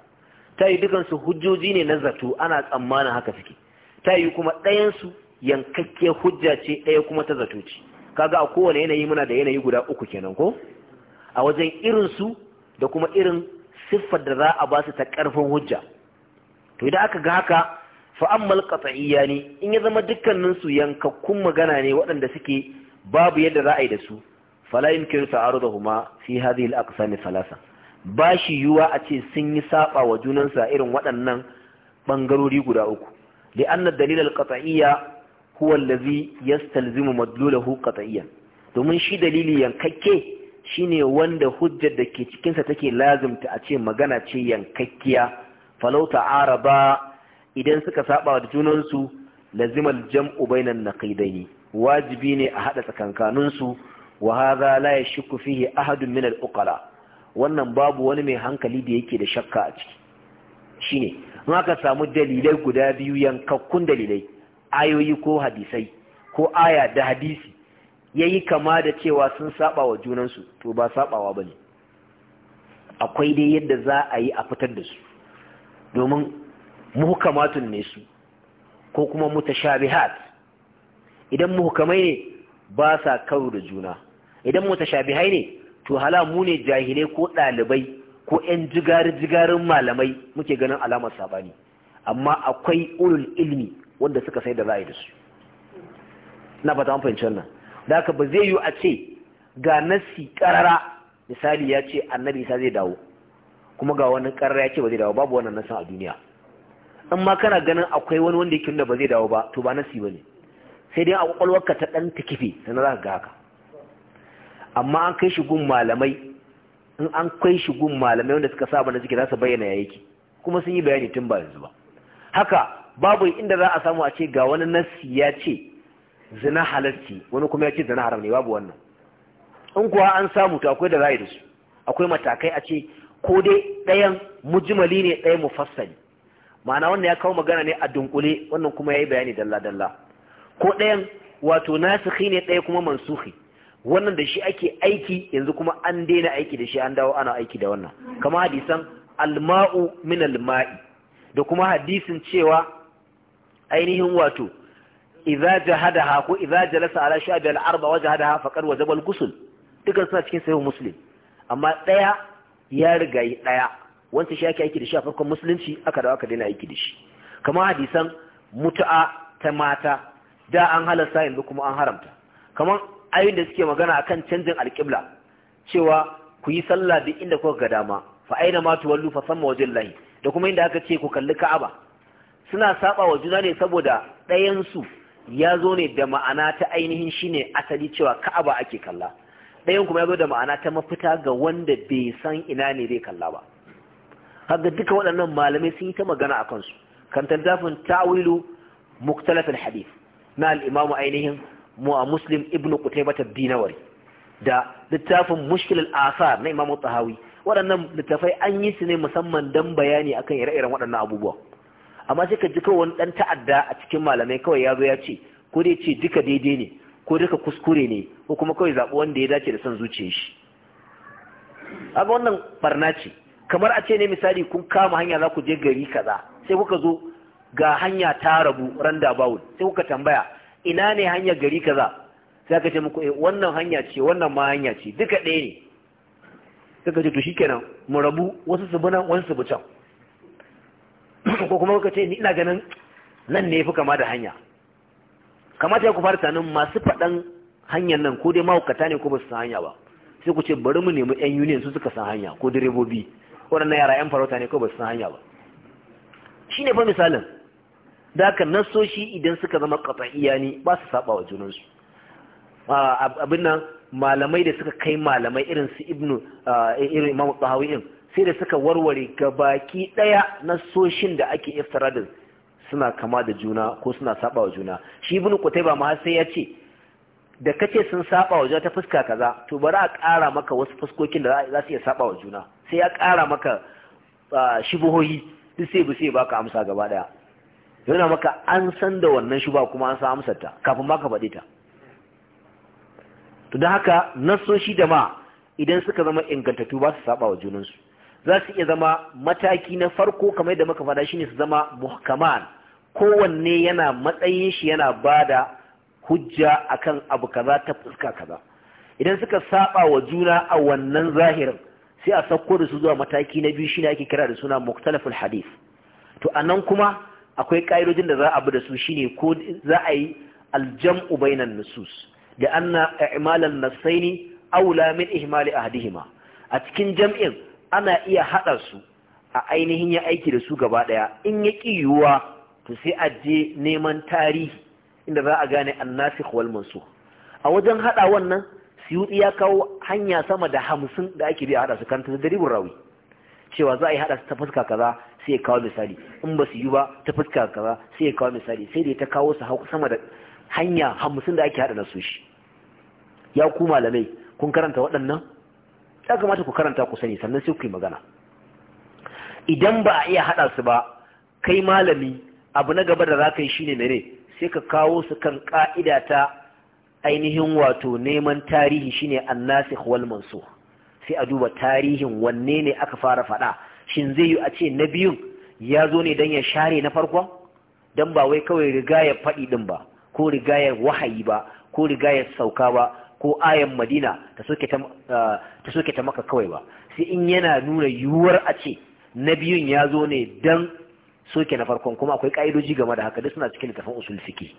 ta yi dukansu hujjoji ne na zato ana tsammanin haka suke ta yi kuma ɗayansu yankakkiyar hujja ce ɗaya kuma ta zato ce kaga a kowane yanayi muna da yanayi guda uku kenan ko a wajen irin su da kuma irin siffar da za a ba su ta karfin hujja to idan aka ga haka fa'ammal qat'iyya ne in ya zama dukkanin su yankakkun magana ne waɗanda suke babu yadda za a yi da su fala yumkinu ta'arudahuma fi hadhihi al aqsami thalatha ba shi yuwa a ce sun yi saba wa junansa irin waɗannan bangarori guda uku li anna dalil al-qat'iyya huwa allazi yastalzimu madlulahu qat'iyan domin shi dalili yankakke shine wanda hujjar da ke cikinsa sa take lazimta a ce magana ce yankakkiya falau Araba, idan suka saba da junan su lazimal jam'u bainan naqidaini wajibi ne a haɗa tsakankanin su wa hadha la yashku fihi ahadun min al-uqala wannan babu wani mai hankali da yake da shakka a ciki shine in aka samu dalilai guda biyu yankakkun dalilai ayoyi ko hadisai ko aya da hadisi yayi kama da cewa sun saba wa junansu to ba sabawa bane akwai dai yadda za a yi a fitar da su domin muhkamatun ne su ko kuma mutashabihat idan muhkamai ne ba sa kawo da juna idan mutashabihai ne to hala mu ne jahilai ko ɗalibai ko 'yan jigari-jigarin malamai muke ganin alamar sabani amma akwai ulul ilmi wanda suka sai da za da su na fata an fahimci wannan da haka ba zai yi a ce ga nasi karara misali ya ce annabi isa zai dawo kuma ga wani karara ya ce ba zai dawo babu wannan nasan a duniya in ma kana ganin akwai wani wanda yake nuna ba zai dawo ba to ba nasi ba ne sai dai a kwakwalwarka ta dan ta kife sannan za ka ga haka amma an kai shi gun malamai in an kai shi gun malamai wanda suka saba na suke za su bayyana ya yake kuma sun yi bayani tun ba yanzu ba haka babu inda za a samu a ce ga wani nassi ya ce zina halarci wani kuma ya ce zina haram ne babu wannan in kuwa an samu to akwai da za da su akwai matakai a ce ko dai ɗayan mujimali ne mu mufassali ma'ana wannan ya kawo magana ne a dunkule wannan kuma ya yi bayani dalla-dalla ko ɗayan wato nasihi ne ɗaya kuma mansuhi wannan da shi ake aiki yanzu kuma an daina aiki da shi an dawo ana aiki da wannan kama hadisan alma'u min alma'i da kuma hadisin cewa ainihin wato idza jahadaha ko idza jalasa ala shu'ab al-arba wa jahadaha faqad wajaba al-ghusl dukan suna cikin sahih muslim amma daya ya riga yi daya wanda shi yake aiki da shi a farkon musulunci aka dawo aka daina aiki da shi kamar hadisan mutu'a ta mata da an halasta yanzu kuma an haramta kamar ayoyin da suke magana akan canjin alƙibla cewa ku yi sallah duk inda kuka ga dama fa aina ma tuwallu fa samma lahi. da kuma inda aka ce ku kalli ka'aba suna saba wa juna ne saboda ɗayansu ya zo ne da ma'ana ta ainihin shine asali cewa ka'aba ake kalla ɗayan kuma ya zo da ma'ana ta mafita ga wanda bai san ina ne zai kalla ba kaga duka waɗannan malamai sun yi ta magana a kansu kan tantafin ta'awilu muktalafin hadith na al'imamu ainihin mu a muslim ibnu qutaybah ad da littafin mushkil asar na imamu tahawi waɗannan littafai an yi su ne musamman don bayani akan ire-iren waɗannan abubuwa amma sai ka ji kawai wani dan ta'adda a cikin malamai kawai ya zo ya ce ko dai ce duka daidai ne ko duka kuskure ne ko kuma kawai zaɓi wanda ya dace da son zuciyar shi aga wannan barna ce kamar a ce ne misali kun kama hanya za ku je gari kaza sai kuka zo ga hanya ta rabu randa bawu, sai kuka tambaya ina ne hanya gari kaza sai aka ce muku eh, wannan hanya ce wannan ma hanya ce duka ɗaya ne suka ce to shikenan mu rabu wasu su bi nan wasu su bi can [clears throat] ko kuma kuka ce ni ina ganin nan ne fi kama da hanya kamata ya ku fara tunanin masu faɗan hanyar nan ko dai mahaukata ne ko ba su san hanya ba sai ku ce bari mu nemi yan union su suka san hanya ko direbobi waɗannan yara yan farauta ne ko ba su san hanya ba shi ne fa misalin da haka nasoshi idan suka zama ƙafa'iya ne ba su saba wa junansu abin nan malamai da suka kai malamai irin su ibnu irin imamu tsahawi sai da suka warware ga baki ɗaya na soshin da ake iftiradin suna kama da juna ko suna saba wa juna shi ibn qutayba ma sai ya ce da kace sun saba wa juna ta fuska kaza to bari a ƙara maka wasu fuskokin da za su iya saba wa juna sai ya ƙara maka shubuhohi duk sai bu sai baka amsa gaba daya yana maka an san da wannan shuba kuma an san amsar ta kafin ma ka faɗi ta to don haka nasoshi da ma idan suka zama ingantattu ba su saba wa junansu za su iya zama mataki na farko kamar da muka fada shine su zama muhkaman kowanne yana matsayin shi yana bada hujja akan abu kaza ta fuska kaza idan suka saba wa juna a wannan zahirin sai a sauko da su zuwa mataki na biyu shine ake kira da suna muktalaful hadith to anan kuma akwai ka'idojin da za a bi da su shine ko za a yi aljam'u bainan nusus da anna i'malan nasaini aula min ihmali ahadihima a cikin jam'in ana iya haɗa su a ainihin ya aiki da su gaba ɗaya in ya ƙi yiwuwa to sai a je neman tarihi inda za a gane annasikh wal mansukh a wajen haɗa wannan suyuti ya kawo hanya sama da hamsin da ake biya haɗa su kan tadribin rawi cewa za a yi haɗa su ta fuska kaza sai ya kawo misali in ba su yi ba ta fuska kaza sai ya kawo misali sai da ta kawo su sama da hanya hamsin da ake haɗa na su shi ya ku malamai kun karanta waɗannan ya kamata ku karanta ku sani sannan sai ku yi magana idan ba a iya haɗa su ba kai malami abu na gaba da za ka yi shine mere sai ka kawo su kan ƙa'ida ta ainihin wato neman tarihi shine annasikh wal mansukh sai a duba tarihin wanne ne aka fara faɗa shin zai yi a ce na biyun ya zo ne don ya share na farkon don ba wai kawai rigayar faɗi ɗin ba ko rigayar wahayi ba ko rigayar sauka ba ko ayan madina eh, ta soke ta maka kawai ba sai in yana nuna yiwuwar a ce na biyun ya zo ne don soke na farkon kuma akwai ka'idoji game da haka duk suna cikin littafin usul fiki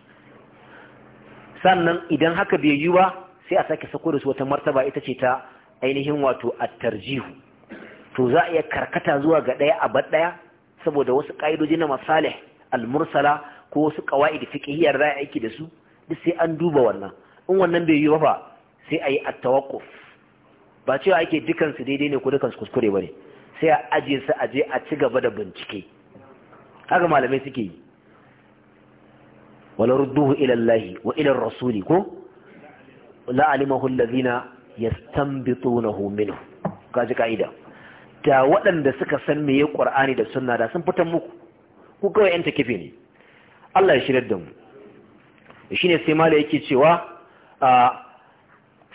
sannan idan haka bai yiwu ba sai a sake sako da su wata martaba ita ce ta ainihin wato at-tarjihu to za a iya karkata zuwa ga ɗaya a bad ɗaya saboda wasu ka'idoji na masalih almursala ko wasu qawaid fiqhiyya ra'ayi aiki da su duk sai an duba wannan in wannan bai yiwu ba sai a yi a tawakuf ba cewa ake dukansu daidai ne ko dukansu kuskure ba ne sai a ajiye su aje a ci gaba da bincike haka malamai suke yi wala rudduhu ila Allah wa ila rasuli ko la alimahu allazina yastanbitunahu minhu kaji kaida da waɗanda suka san me yake Qur'ani da Sunna da sun fitan muku ku kawai yan takife ne Allah ya shirar da mu shine sai mala yake cewa ah,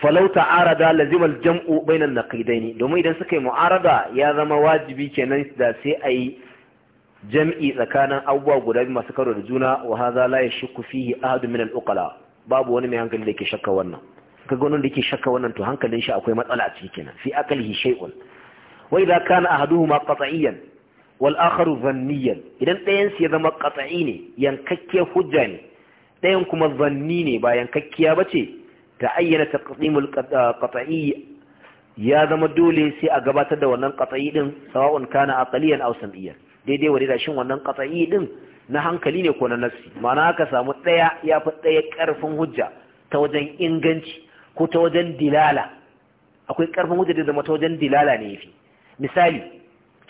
falau ta'arada lazimal jam'u bainan naqidaini domin idan suka yi mu'arada ya zama wajibi kenan da sai a yi jam'i tsakanin abubuwa guda biyu masu karo da juna wa hadha la yashku fihi ahadun min al-uqala babu wani mai hankali da yake shakka wannan ka wannan da yake shakka wannan to hankalin shi akwai matsala a ciki kenan fi aqlihi shay'un wa idha kana ahaduhuma qat'iyan wal akharu dhanniyan idan ɗayan su ya zama qat'i ne yankakke hujja ne ɗayan kuma zanni ne ba yankakkiya bace ta'ayyana taqdimul qat'i ya zama dole sai a gabatar da wannan qat'i din sawa'un kana aqliyan ausan sam'iyan daidai wa da shin wannan qat'i ɗin na hankali ne ko na nafsi ma'ana aka samu daya ya fi daya karfin hujja ta wajen inganci ko ta wajen dilala akwai karfin hujja da zama ta wajen dilala ne yafi misali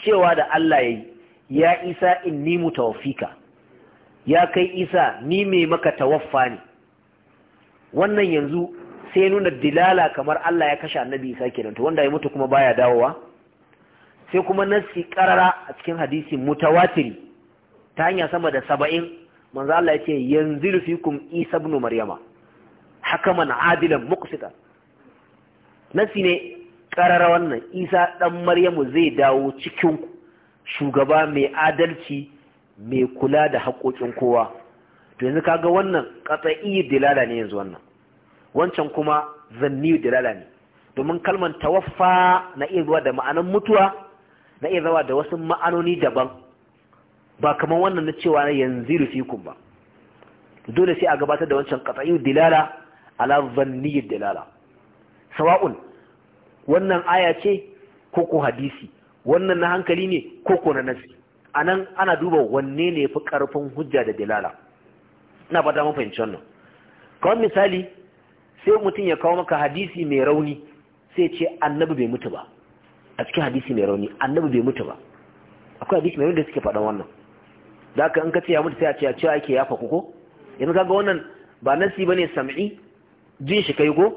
cewa da Allah yayi ya Isa inni mutawaffika ya kai Isa ni mai maka tawaffa ne wannan yanzu sai nuna dilala kamar Allah ya kashe annabi Isa kenan to wanda ya mutu kuma baya dawowa sai kuma nassi karara a cikin hadisi mutawatir ta hanya sama da saba'in manzo Allah ya ce yanzilu fikum Isa ibn Maryama hakaman adilan muqsita nassi ne karara wannan Isa dan Maryamu zai dawo cikin shugaba mai adalci mai kula da haƙoƙin kowa to yanzu kaga wannan qat'i dilala ne yanzu wannan wancan kuma zanni dilala ne domin kalmar tawaffa na iya zuwa da ma'anar mutuwa na iya zawa da wasu ma'anoni daban ba kamar wannan na cewa yanzu rufikun ba dole sai a gabatar da wancan qat'i dilala ala zanni dilala sawa'un wannan aya ce ko ko hadisi wannan na hankali ne ko ko na nasi anan ana duba wanne ne fi karfin hujja da dilala ina fata mun fahimci wannan kawai misali sai mutum ya kawo maka hadisi mai rauni sai ce annabi bai mutu ba a cikin hadisi mai rauni annabi bai mutu ba akwai hadisi mai rauni da suke faɗan wannan da aka in ka ce ya mutu sai a ce a cewa ake ya faku ko yanzu kaga wannan ba nasi bane sam'i jin shi kai ko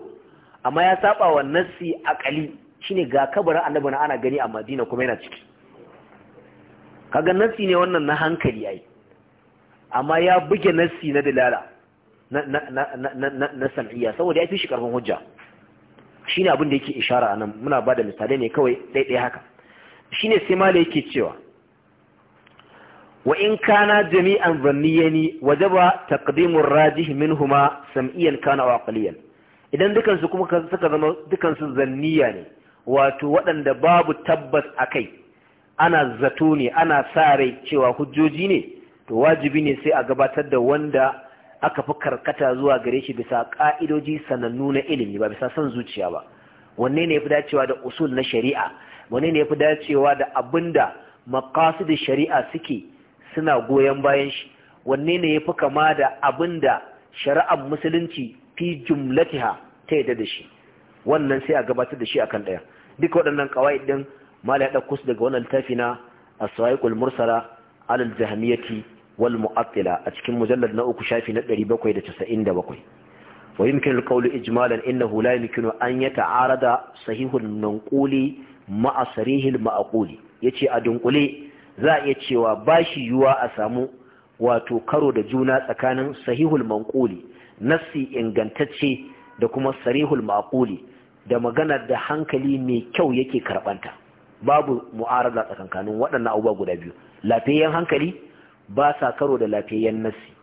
amma ya saba wa nasi akali shine ga kabarin annabi na ana gani a Madina kuma yana ciki kaga nasi ne wannan na hankali ai amma ya buge nassi na dalala na sam'iyya saboda ya fi shi karfin hujja shi ne abin da yake ishara a nan muna ba da misalai ne kawai ɗaiɗaya haka shi ne sai mala yake cewa wa in kana jami'an zanniyani ba rajihi min minhuma sam'iyan kana wa aqliyan idan dukansu kuma suka zama dukansu zanniya ne wato waɗanda babu tabbas a kai ana zato ne ana sa rai cewa hujjoji ne to wajibi ne sai a gabatar da wanda aka fi karkata zuwa gare shi bisa ka'idoji sanannu na ilimi ba bisa son zuciya ba wanne ne ya fi dacewa da usul na shari'a wanne ne ya fi dacewa da abinda da shari'a suke suna goyon bayan shi wanne ne ya fi kama da abinda shari'ar musulunci fi jumlatiha ta yadda da shi wannan sai a gabatar da shi a kan ɗaya. duka waɗannan kawai din mala ya daga wannan littafi na a sawiqul mursala alal jahmiyati wal mu'attila a cikin mujallar na uku shafi na 797 bakwai yumkin alqawl ijmalan innahu la yumkinu an yata'arada sahihul manquli ma'a sarihil ma'quli yace a dunkule za a iya cewa bashi yuwa a samu wato karo da juna tsakanin sahihul manquli nassi ingantacce da kuma sarihul ma'quli da maganar da hankali mai kyau yake karbanta babu mu'arada tsakankanin waɗannan abubuwa guda biyu lafiyayyen hankali ba sa karo da lafiyayyen nassi.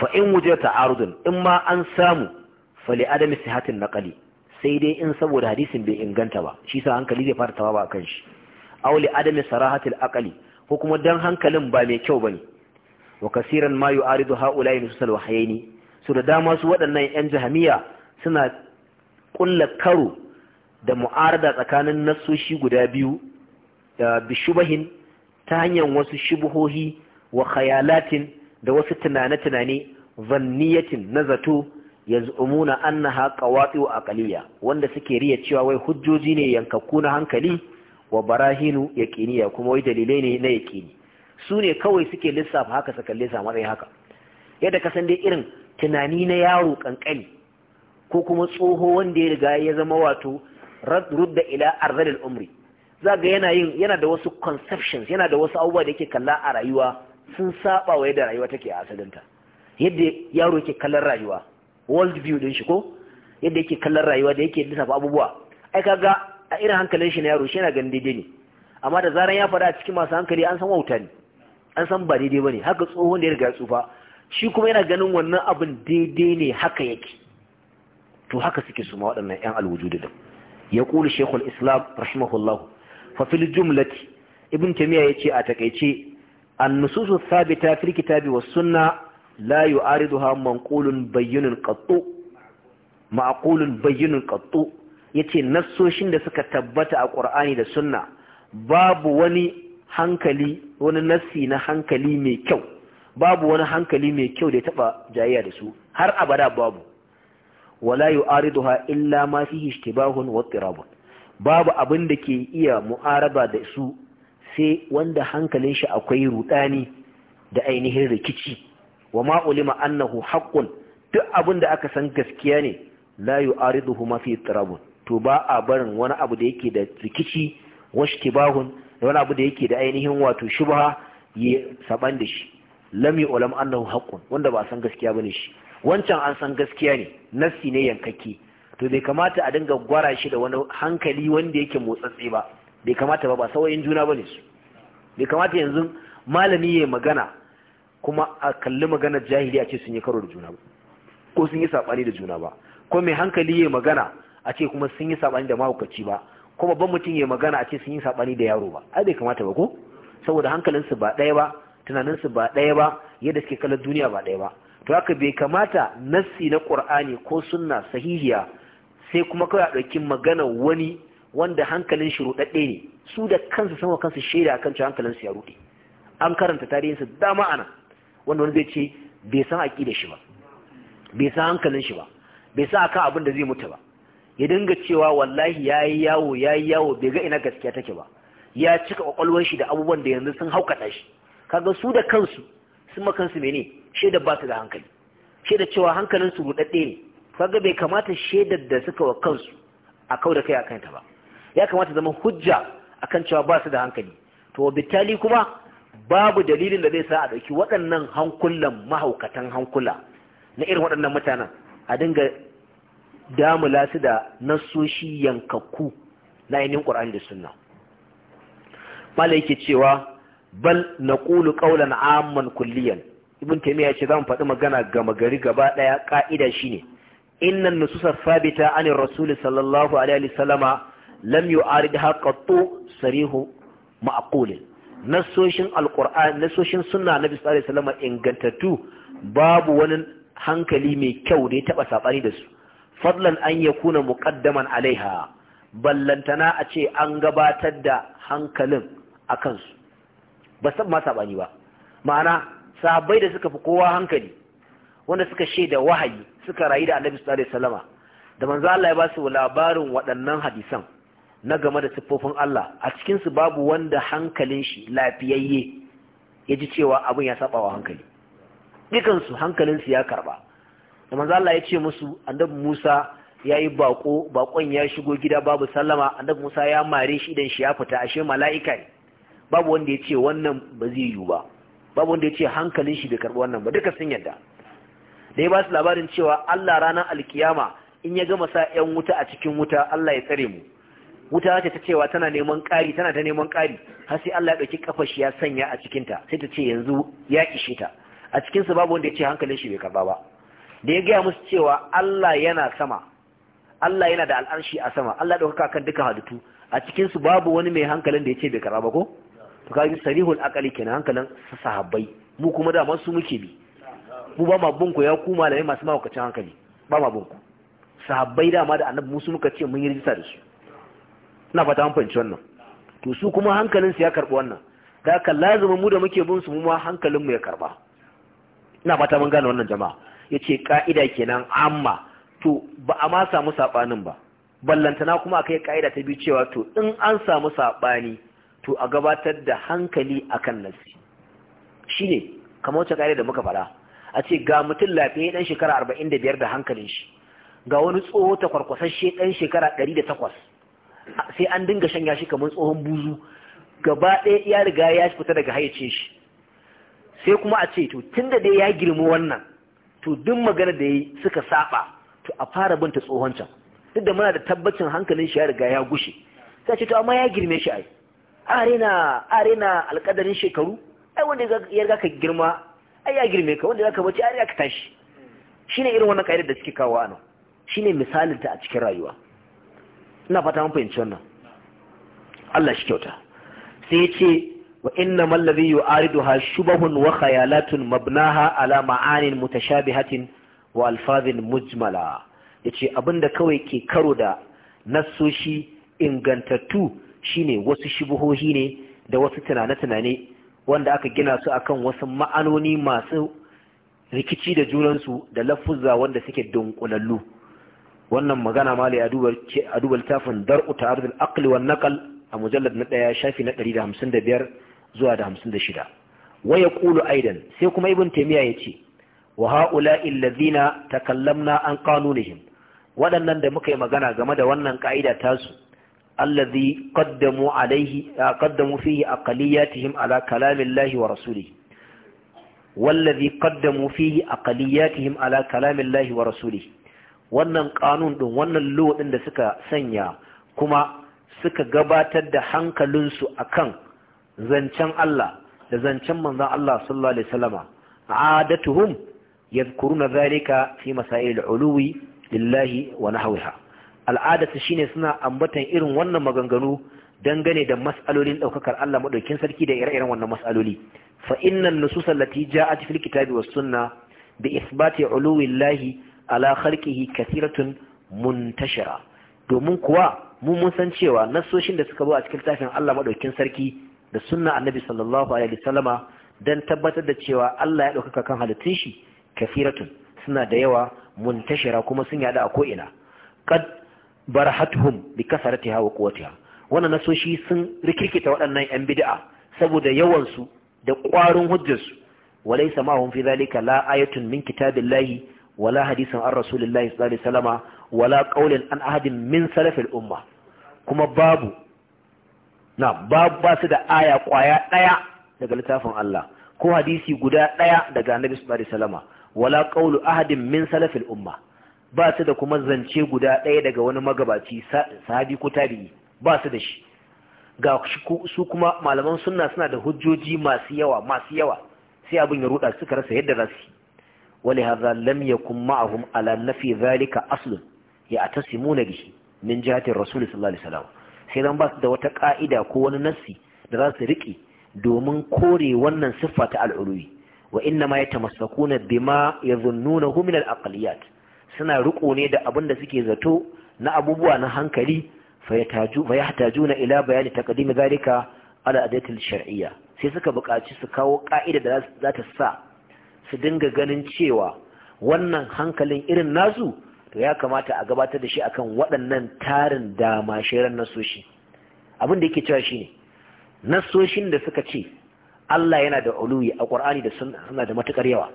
fa in wuje ta'arudun in ma an samu fa li adami sihatin naqali sai dai in saboda hadisin bai inganta ba shi sa hankali zai fara tawa ba kan shi aw li adami sarahatil aqali ko kuma dan hankalin ba mai kyau bane wa kasiran ma yu'aridu ha'ula'i nusul wahayaini su da dama su waɗannan yan jahamiya suna kulla karo da mu'arada tsakanin nasoshi guda biyu da bishubahin ta hanyar wasu shubuhohi wa khayalatin da wasu tunane-tunane zanniyatin na zato ya zuumuna annaha qawati wa aqliya wanda suke riya cewa wai hujjoji ne yankakku na hankali wa barahinu yaqiniya kuma wai dalilai ne na yaqini su ne kawai suke lissafa haka su kalle sa matsayin haka yadda ka san dai irin tunani na yaro kankani ko kuma tsoho wanda ya riga ya zama wato rudda ila arzalil umri za ga yana yin yana da wasu conceptions yana da wasu abubuwa da yake kalla a rayuwa sun saba wa yadda rayuwa take a asalinta yadda yaro yake kallon rayuwa world view din shi ko yadda yake kallon rayuwa da yake lissafa abubuwa ai kaga a irin hankalin shi na yaro shi yana ganin daidai ne amma da zaran ya faɗa a cikin masu hankali an san wauta ne an san ba daidai bane haka tsohon da ya riga ya tsufa shi kuma yana ganin wannan abin daidai ne haka yake to haka suke suma waɗannan 'yan alwujudu din ya ƙuli shekul islam rahimahullahu fa fil jumlati ibn tamiya yace a takeice an-nususu thabita fil kitabi was sunna la yu'ariduha manqulun bayyinun qattu ma'qulun bayyinun qattu yace nassoshin da suka tabbata a Qur'ani da sunna babu wani hankali wani nassi na hankali mai kyau babu wani hankali mai kyau da ya taɓa jayayya da su har abada babu wala yu'ariduha illa ma fihi ishtibahun wa babu abin da ke iya mu'araba da su sai wanda hankalin shi akwai rudani da ainihin rikici wa ma ulima annahu haqqun duk abin da aka san gaskiya ne la yu'ariduhu ma fi tarabun to ba a barin wani abu da yake da rikici washtibahun wani abu da yake da ainihin wato shubha ya saban da shi lam yu'lam annahu haqqun wanda ba san gaskiya bane shi wancan an san gaskiya ne nafsi ne yankakke to bai kamata a dinga gwara shi da wani hankali wanda yake motsatsi ba bai kamata ba ba sauyin juna bane su bai kamata yanzu malami ya magana kuma a kalli maganar jahili a ce sun yi karo da juna ba ko sun yi sabani da juna ba ko mai hankali ya magana a ce kuma sun yi sabani da mahaukaci ba ko babban mutum ya magana a ce sun yi sabani da yaro ba ai bai kamata ba ko saboda su ba ɗaya ba tunaninsu ba ɗaya ba yadda suke kallon duniya ba ɗaya ba to haka bai kamata nassi na qur'ani ko sunna sahihiya sai kuma kawai a ɗauki magana wani wanda hankalin shi ruɗaɗɗe ne su da kansu sama kansu shaida a kan cewa hankalin su ya ruɗe an karanta tarihinsu da ana wanda wani zai ce bai san aƙida shi ba bai san hankalin shi ba bai san akan abin da zai mutu ba ya dinga cewa wallahi ya yi yawo ya yi yawo bai ga ina gaskiya take ba ya cika kwakwalwar shi da abubuwan da yanzu sun haukata shi kaga su da kansu sun ma kansu mene shaida ba su da hankali shaida cewa hankalin su ruɗaɗɗe ne kaga bai kamata shaidar da suka wa kansu a kau da kai a kanta ba ya kamata zama hujja akan cewa ba su da hankali to bitali kuma babu dalilin da zai sa a ɗauki waɗannan hankulan mahaukatan hankula na irin waɗannan mutanen a dinga damula su da nasoshi yankakku na ainihin ƙwar'ani da sunna mala yake cewa bal na ƙulu ƙaunar amman kulliyan ibn taimiyya ce za mu faɗi magana gama gari gaba ɗaya ƙa'ida shine innan nususa sabita anin rasuli sallallahu alaihi wasallama lam yu'aridha qattu sarihu ma'qulin nasoshin alqur'an nasoshin sunna nabi sallallahu alaihi ingantattu babu wani hankali mai kyau da ya taba sabani da su fadlan an yakuna muqaddaman alaiha ballantana a ce an gabatar da hankalin a kansu ba san ma sabani ba ma'ana sahabbai da suka fi kowa hankali wanda suka shaida wahayi suka rayu da annabi sallallahu alaihi wasallama da manzo Allah ya ba su labarin waɗannan hadisan na game da siffofin Allah a cikin su babu wanda hankalin shi lafiyayye ya ji cewa abin ya saba wa hankali dukan su hankalin su ya karba da manzo Allah ya ce musu annabi Musa ya yi bako bakon ya shigo gida babu sallama annabi Musa ya mare shi idan shi ya fita ashe mala'ika ne babu wanda ya ce wannan ba zai yiwu ba babu wanda ya ce hankalin shi bai karbi wannan ba duka sun yarda. da ya ba su labarin cewa Allah ranar alkiyama in ya gama sa ‘yan wuta a cikin wuta Allah ya tsare mu wuta ce ta cewa tana neman ƙari tana ta neman ƙari har sai Allah ya ɗauki kafar shi ya sanya a cikinta sai ta ce yanzu ya ishe ta a cikinsu babu wanda ya ce hankalin shi bai karba ba da ya gaya musu cewa Allah yana sama Allah yana da al'arshi a sama Allah ya ɗauka kan duka halittu a cikinsu babu wani mai hankalin da ya ce bai karba ba ko to kaji sarihul akali kenan hankalin sahabbai mu kuma da masu muke bi mu ba ma bunku ya ku malamai masu mawakacin hankali ba ma bunku sahabbai dama da annabi musu muka ce mun yi rijista da su ina fata an fahimci wannan to su kuma hankalin su ya karbi wannan da haka lazumin mu da muke bin su mu ma hankalin mu ya karba ina fata mun gane wannan jama'a yace ka'ida kenan amma to ba a ma samu sabanin ba ballantana kuma akai ka'ida ta bi cewa to in an samu sabani to a gabatar da hankali akan nasi shine kamar wacce ka'ida da muka faɗa a ce ga mutum lafiya ɗan shekara arba'in da biyar da hankalin shi ga wani tsoho ta kwarkwasashe ɗan shekara ɗari da takwas sai an dinga shanya shi kamar tsohon buzu gaba ɗaya ya riga ya fita daga hayace shi sai kuma a ce to tun da dai ya girma wannan to duk magana da yi suka saba to a fara bin ta tsohon can duk da muna da tabbacin hankalin shi ya riga ya gushe sai ce to amma ya girme shi ai arena arena alƙadarin shekaru ai wanda ya riga ka girma ai ya girme ka wanda zaka bace ai ka tashi shine irin wannan kaidar da suke kawo ana shine misalin ta a cikin rayuwa ina fata mun fahimci wannan Allah shi kyauta sai yace wa inna mal ladhi yu'ariduha shubahun wa khayalatun mabnaha ala ma'anin mutashabihatin wa alfazin mujmala yace abinda kawai ke karo da nasoshi ingantattu shine wasu shubuhohi ne da wasu tunane-tunane wanda aka gina su akan wasu ma'anoni masu rikici da junansu da lafuzza wanda suke dunkulallu wannan magana ma lai a duba littafin dar'u ta'arud al-aql wa nakal a mujallar na daya shafi na 155 zuwa da 56 waya Kulu aidan sai kuma ibn ya ce wa ta alladhina takallamna an kanunihim waɗannan da muka yi magana game da wannan ka'ida tasu allazi qaddamu alaihi qaddamu fihi aqaliyatihim ala wa rasulihi qaddamu fihi aqaliyatihim ala wa rasulihi wannan kanun din wannan law din da suka sanya kuma suka gabatar da hankalinsu akan zancen Allah da zancen manzon Allah sallallahu alaihi wasallama عادتهم يذكرون fi masa'il مسائل lillahi لله ونحوها al'adarsu shine suna ambatan irin wannan maganganu dangane da mas'alolin daukakar Allah madaukin sarki da ire-iren wannan mas'aloli fa innan nusus allati ja'at fil kitabi was sunna bi isbati uluwi llahi ala khalqihi kathiratun muntashira domin kuwa mu mun san cewa nasoshin da suka zo a cikin tafin Allah madaukin sarki da sunna annabi sallallahu alaihi wasallama dan tabbatar da cewa Allah ya daukaka kan halittun shi kathiratun suna da yawa muntashira kuma sun yada a ko ina kad barhatuhum bi kasaratiha wa quwwatiha wannan nasoshi sun rikirkita waɗannan ƴan bid'a saboda yawan su da ƙwarin hujjar su walaysa ma hum fi zalika la ayatun min kitabillahi wala hadisan an rasulillahi sallallahu alaihi wasallama wala qaulin an ahadin min salafil umma kuma babu na babu ba su da aya ƙwaya ɗaya daga littafin Allah ko hadisi guda ɗaya daga annabi sallallahu alaihi wasallama wala qaulu ahadin min salafil umma ba su da kuma zance guda ɗaya daga wani magabaci sahabi ko tabi'i ba su da shi ga su kuma malaman sunna suna da hujjoji masu yawa masu yawa sai abin ya ruɗa suka rasa yadda za su Wani hadha lam kun ma'ahum ala nafi zalika aslun ya atasimuna bihi min jihati rasul sallallahu alaihi wasallam sai dan ba su da wata ka'ida ko wani nassi da za su riƙe domin kore wannan siffa ta al'uluwi wa inna ma yatamassakuna bima yadhunnunahu min al-aqliyat suna riko ne da abin da suke zato na abubuwa na hankali na ila bayani taqdim zalika ala adatil shar'iyya sai suka buƙaci su kawo ƙa'ida da za ta sa su dinga ganin cewa wannan hankalin irin nasu to ya kamata a gabatar da shi akan waɗannan tarin damashiran nasoshi abin da yake cewa shine nasoshin da suka ce Allah yana da uluwi a Qur'ani da sunna suna da matukar yawa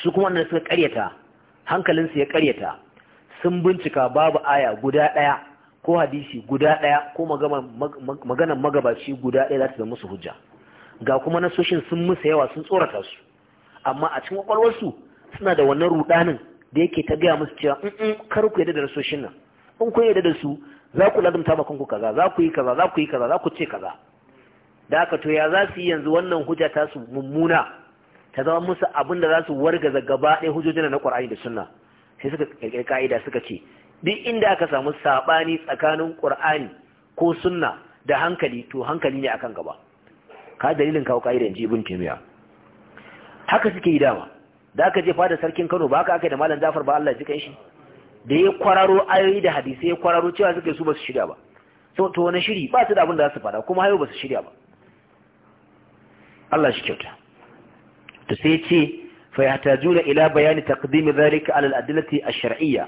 su kuma wannan suka karyata hankalinsu ya karyata sun bincika babu aya guda ɗaya ko hadisi guda ɗaya ko maganar magabaci guda ɗaya za ta zama musu hujja ga kuma nasoshin sun musu yawa sun tsorata su amma a cikin kwakwalwarsu suna da wannan rudanin da yake ta gaya musu cewa in kar ku yadda da nasoshin nan in ku yadda da su za ku lazumta ma kanku kaza za ku yi kaza za ku yi kaza za ku ce kaza da aka to ya za su yi yanzu wannan hujja ta su mummuna ta zama musu abin da za su wargaza gaba ɗaya hujjojin na Qur'ani da Sunna sai suka ƙirƙir ka'ida suka ce duk inda aka samu saɓani tsakanin ƙur'ani ko Sunna da hankali to hankali ne akan gaba ka dalilin kawo ka'ida jibin kimiyya haka suke yi dama da aka je fada sarkin Kano ba ka aka da Malam Jafar ba Allah ji jikan shi da ya kwararo ayoyi da hadisai ya kwararo cewa suke su ba su shirya ba so to wani shiri ba su da abin da za su fada kuma hayo ba su shirya ba Allah shi kyauta to sai ce fa juna ila bayani taqdim zalika ala al ash-shar'iyya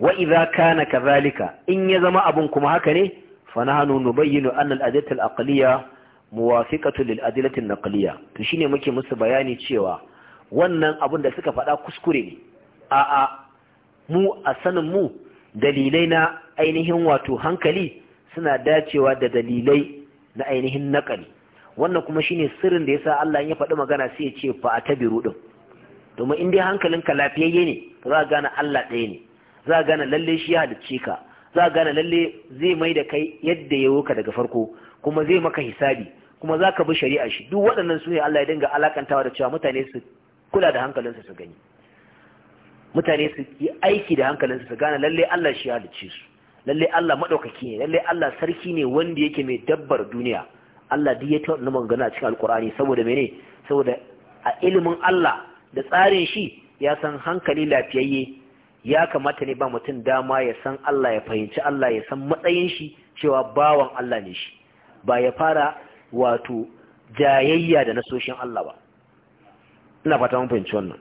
wa idha kana kadhalika in ya zama abun kuma haka ne fa nahnu nubayyinu anna al-adillati al-aqliyya muwafiqatu lil-adillati an-naqliyya to shine muke musu bayani cewa wannan abun da suka faɗa kuskure ne a'a mu a sanin mu dalilai na ainihin wato hankali suna dacewa da dalilai na ainihin naƙali wannan kuma shine sirrin da yasa Allah ya faɗi magana sai ya ce fa atabiru din domin in dai hankalinka lafiyayye ne za ka gane Allah ɗaya ne za ka gane lalle shi ya halicce ka za ka gane lalle zai mai da kai yadda ya ka daga farko kuma zai maka hisabi kuma za ka bi shari'a shi duk waɗannan su ne Allah ya dinga alakantawa da cewa mutane su kula da hankalinsu su gani mutane su yi aiki da hankalinsu su gane lalle Allah shi ya halicce su lalle Allah maɗaukaki ne lalle Allah sarki ne wanda yake mai dabbar duniya Allah duk ya ta wannan magana a cikin alkur'ani saboda mene saboda a ilimin Allah da tsarin shi ya san hankali lafiyayye ya kamata ne ba mutum dama ya san Allah ya fahimci Allah ya san matsayin shi cewa bawan Allah ne shi ba ya fara wato jayayya da nasoshin Allah ba ina fata mun fahimci wannan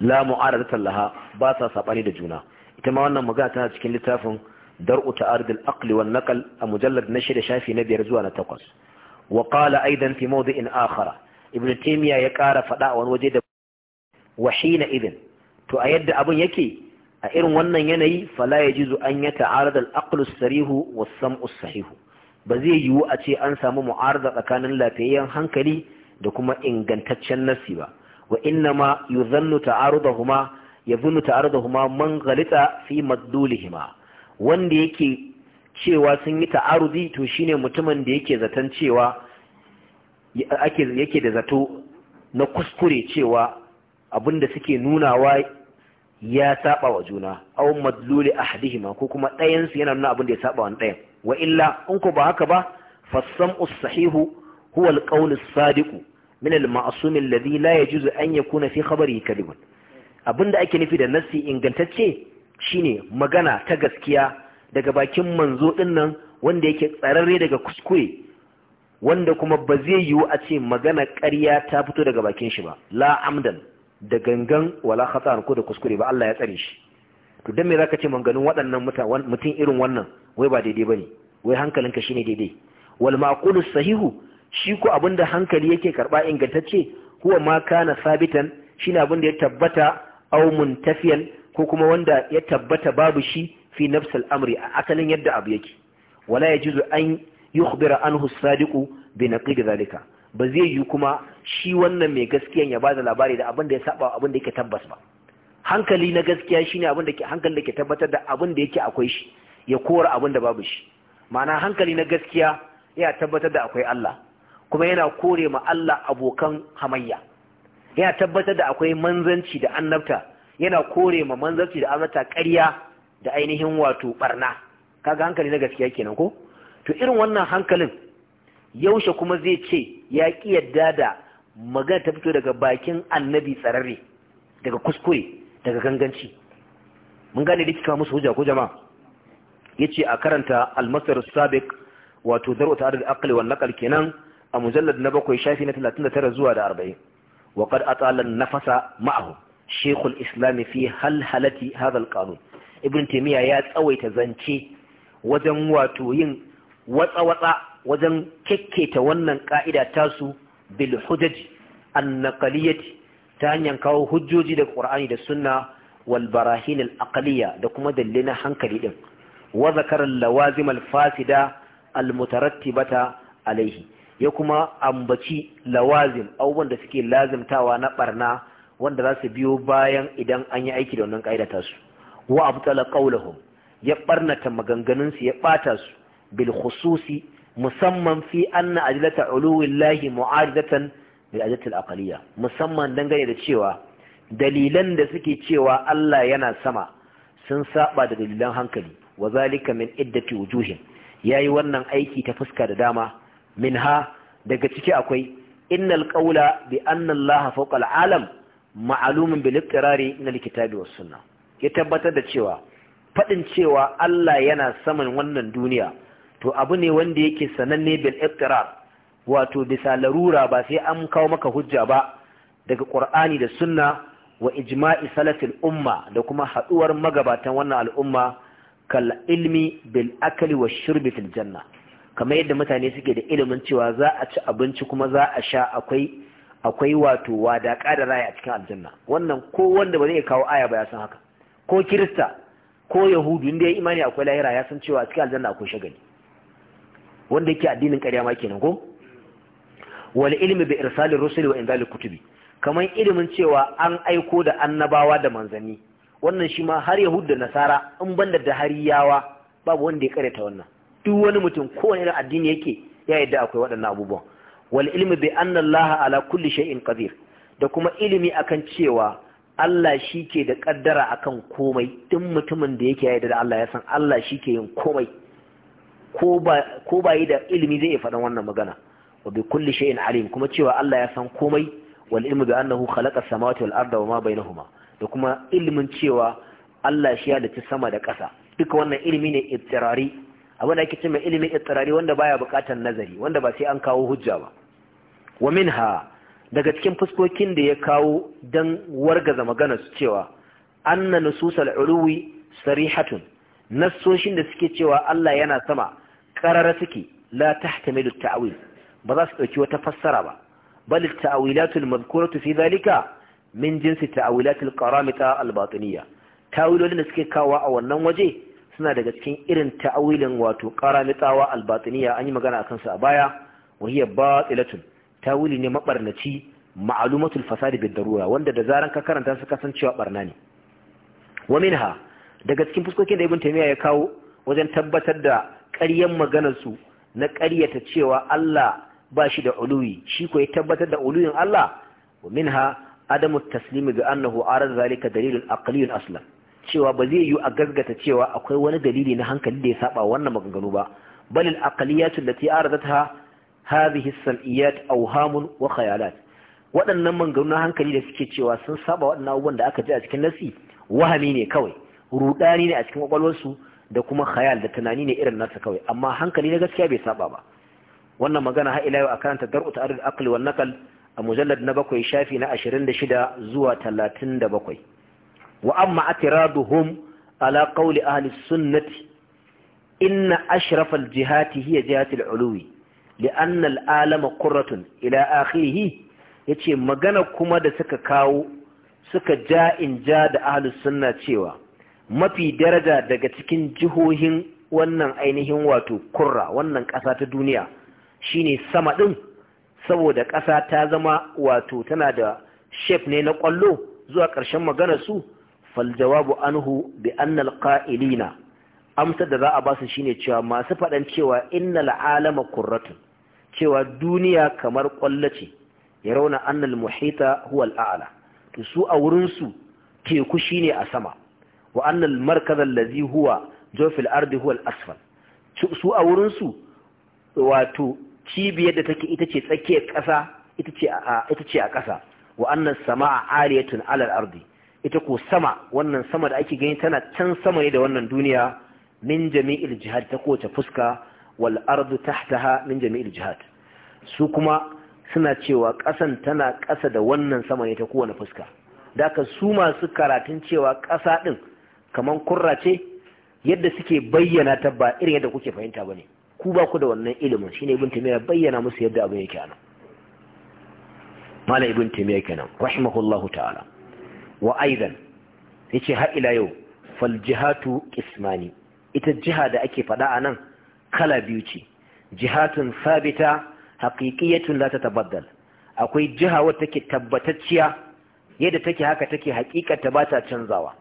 la mu'aradatan laha ba sa sabani da juna ita ma wannan magana tana cikin littafin درء تعارض الأقل والنقل مجلد نشر شافي نبي رزوان تقص وقال أيضا في موضع آخر ابن تيمية يكار فداء وجد وحينئذ تؤيد أبن يكي أئر ونن يني فلا يجوز أن يتعارض الأقل السريح والسمع الصحيح بزي يو أتي أنسى معارضة كان لا تيان هنكلي دكما إن جنتش النسيبة وإنما يظن تعارضهما يظن تعارضهما من غلط في مدلولهما wanda yake cewa sun yi ta'aruzi to shine mutumin da yake zaton cewa yake da zato na kuskure cewa abinda suke nunawa ya saba wa juna aw madluli ahadihima ko kuma ɗayan su yana nuna abin da ya saba wa ɗayan wa illa in ko ba haka ba fasam'u sahihu huwa al-qawl as-sadiq min al-ma'sum alladhi la yajuzu an yakuna fi khabarihi kadhibun abinda ake nufi da nassi ingantacce shine magana ta gaskiya daga bakin manzo dinnan wanda yake tsararre daga kuskure wanda kuma ba zai yiwu a ce magana ƙarya ta fito daga bakin shi ba la amdan da gangan wala khata'an ko da kuskure ba Allah ya tsare shi to dan me zaka ce manganin waɗannan mutum irin wannan wai ba daidai bane wai hankalinka shine daidai wal maqulu sahihu shi ko abinda hankali yake karba ingantacce huwa ma kana sabitan shine abinda ya tabbata aw muntafiyan ko kuma wanda ya tabbata babu shi fi nafsal amri a asalin yadda abu yake wala ya jizu an yukhbira anhu Sadiku sadiqu bi naqid zalika ba zai yi kuma shi wannan mai gaskiyan ya bada labari da abin da ya saba abin da yake tabbas ba hankali na gaskiya shine abin da ke hankali da ke tabbatar da abin da yake akwai shi ya kora abin da babu shi ma'ana hankali na gaskiya ya tabbatar da akwai Allah kuma yana kore ma Allah abokan hamayya Ya tabbatar da akwai manzanci da annabta yana kore ma manzarci da azata karya da ainihin wato barna kaga hankali na gaskiya kenan ko to irin wannan hankalin yaushe kuma zai ce ya ki yadda da magana ta fito daga bakin annabi tsararre daga kuskure daga ganganci mun gane dukkan musu hujja ko jama'a yace a karanta al-masar sabiq wato zar'u ta'arud al aqli wal naql kenan a mujallad na bakwai shafi na 39 zuwa da 40 wa qad atala an-nafasa ma'ahu shekul islami fi halhalati hadal kanu ibn taimiyya ya tsawaita zance wajen wato yin watsa-watsa wajen kekketa wannan ka'ida tasu bil hujjaji annaqaliyati ta hanyar kawo hujjoji daga qur'ani da sunna wal barahin al da kuma dalilin hankali din wa Lawazimal fasida Almutarattibata mutarattibata alaihi ya kuma ambaci lawazim abubuwan da suke lazimtawa na barna wanda za su biyo bayan idan an yi aiki da wannan ƙa'ida ta su wa abtala qawluhum ya barnata maganganun su ya bata su bil khususi musamman fi anna ajlata uluwillahi mu'aridatan lil ajlati al aqliyya musamman dangane da cewa dalilan da suke cewa Allah yana sama sun saba da dalilan hankali wa zalika min iddati wujuhin yayi wannan aiki ta fuska da dama minha daga ciki akwai innal qawla bi anna Allah fawqa al alam ma'alumin bil na likitabi was sunna ya tabbatar da cewa faɗin cewa Allah yana saman wannan duniya to abu ne wanda yake sananne bil iqrar wato bisa larura ba sai an kawo maka hujja ba daga qur'ani da sunna wa ijma'i salatil umma da kuma haduwar magabatan wannan al'umma kal ilmi bil akli wash shurbi fil janna kamar yadda mutane suke da ilimin cewa za a ci abinci kuma za a sha akwai akwai wato wada da raya a cikin aljanna wannan ko wanda ba zai kawo aya ba ya san haka ko kirista ko yahudu inda ya imani akwai lahira ya san cewa a cikin aljanna akwai shagali wanda yake addinin ƙarya ma kenan ko wal ilmi bi irsalir rusuli wa inzalil kutubi kamar ilimin cewa an aiko da annabawa da manzanni wannan shi ma har yahudu da nasara in banda da har Yawa, babu wanda ya ta wannan duk wani mutum kowane irin addini yake ya yadda akwai waɗannan abubuwan wal ilmi bi anna ala kulli shay'in qadir da kuma ilimi akan cewa Allah shi ke da kaddara akan komai duk mutumin da yake yarda da Allah ya san Allah shi ke yin komai ko ba yi da ilimi zai faɗan wannan magana wa bi kulli shay'in alim kuma cewa Allah ya san komai wal ilmi bi annahu khalaqa samawati wal arda wa ma bainahuma da kuma ilimin cewa Allah shi ya dace sama da ƙasa duka wannan ilimi ne ittirari abin da ake ce mai ilimin ittirari wanda baya bukatar nazari wanda ba sai an kawo hujja ba wa minha daga cikin fuskokin da ya kawo dan wargaza magana su cewa anna nususal uluwi sarihatun nassoshin da suke cewa Allah yana sama karara suke la tahtamilu ta'wil ba za su dauki wata fassara ba bal ta'wilatul madhkuratu fi dhalika min jinsi ta'wilatil karamita al-batiniyya tawilolin da suke kawo a wannan waje suna daga cikin irin ta'awilin wato qaramitawa albatiniya an yi magana a kansu a baya wahiyar hiya batilatun tawili ne mabarnaci ma'alumatul fasadi da darura wanda da zaran ka karanta su kasancewa barna ne wa minha daga cikin fuskokin da ibn taymiya ya kawo wajen tabbatar da ƙaryan maganar su na ƙaryata cewa Allah ba shi da uluwi shi ko ya tabbatar da uluwin Allah wa minha adamu taslimi ga annahu arar zalika dalilun aqliyun aslan cewa ba zai yiwu a gasgata cewa akwai wani dalili na hankali da ya saba wannan maganganu ba bal al aqliyat allati aradatha hadhihi as-sam'iyat awhamun wa khayalat waɗannan maganganu na hankali da suke cewa sun saba waɗannan abubuwan da aka ji a cikin nasi wahami ne kawai rudani ne a cikin kwakwalwarsu da kuma khayal da tunani ne irin nasa kawai amma hankali na gaskiya bai saba ba wannan magana har ila yau a karanta dar'u al aqli wal naqal a mujallad na bakwai shafi na 26 zuwa 37 wa amma atiraduhum ala qawli ahli sunnati inna ashrafal jihati hiya jihatul uluwi li'anna al'alama qurratun ila akhirih yace magana kuma da suka kawo suka ja in ja da ahli sunna cewa mafi daraja daga cikin jihohin wannan ainihin wato kurra wannan ƙasa ta duniya shine sama ɗin saboda ƙasa ta zama wato tana da shef ne na ƙwallo zuwa ƙarshen maganar su faljawabu anhu bi annal qa'ilina amsar da za a basu shine cewa masu faɗan cewa innal alama kurratun cewa duniya kamar ƙwallo ce ya rauna annal muhita huwa al'ala to su a wurin su teku shine a sama wa annal markaz allazi huwa jofil ardi huwa al'asfal su a wurin su wato cibiyar da take ita ce tsakiyar ƙasa ita ce a ƙasa wa sama'a aliyatun alal ardi ita ko sama wannan sama da ake gani tana can sama ne da wannan duniya min jami'il jihad ta kowace fuska wal ardu tahtaha min jami'il jihad su kuma suna cewa kasan tana kasa da wannan sama ne ta kowane fuska da su masu karatun cewa kasa ɗin kamar kurra ce yadda suke bayyana ta ba irin yadda kuke fahimta ba ne ku ba ku da wannan ilimin shine ibn timiya bayyana musu yadda abin yake anan malam ibn timiya kenan rahimahullahu ta'ala wa aidan ya ce har ila yau fal jihatu qismani ita jiha da ake faɗa a nan kala biyu ce jihatun sabita haqiqiyatun la tatabaddal akwai jiha wata take tabbatacciya yadda take haka take haƙiƙata ba ta canzawa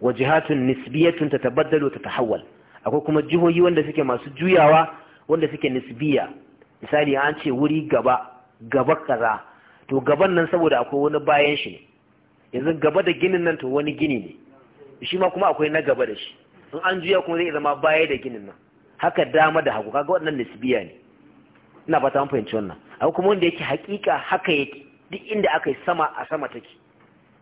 wa jihatun nisbiyatun tatabaddalu tatahawwal akwai kuma jihohi wanda suke masu juyawa wanda suke nisbiya misali an ce wuri gaba gaba kaza to gaban nan saboda akwai wani bayan shi ne yanzu gaba da ginin nan to wani gini ne shi ma kuma akwai na gaba da shi in an juya kuma zai zama baya da ginin nan haka dama da hagu kaga wannan nisbiya ne ina fata mun fahimci wannan akwai kuma wanda yake hakika haka yake duk inda aka yi sama a sama take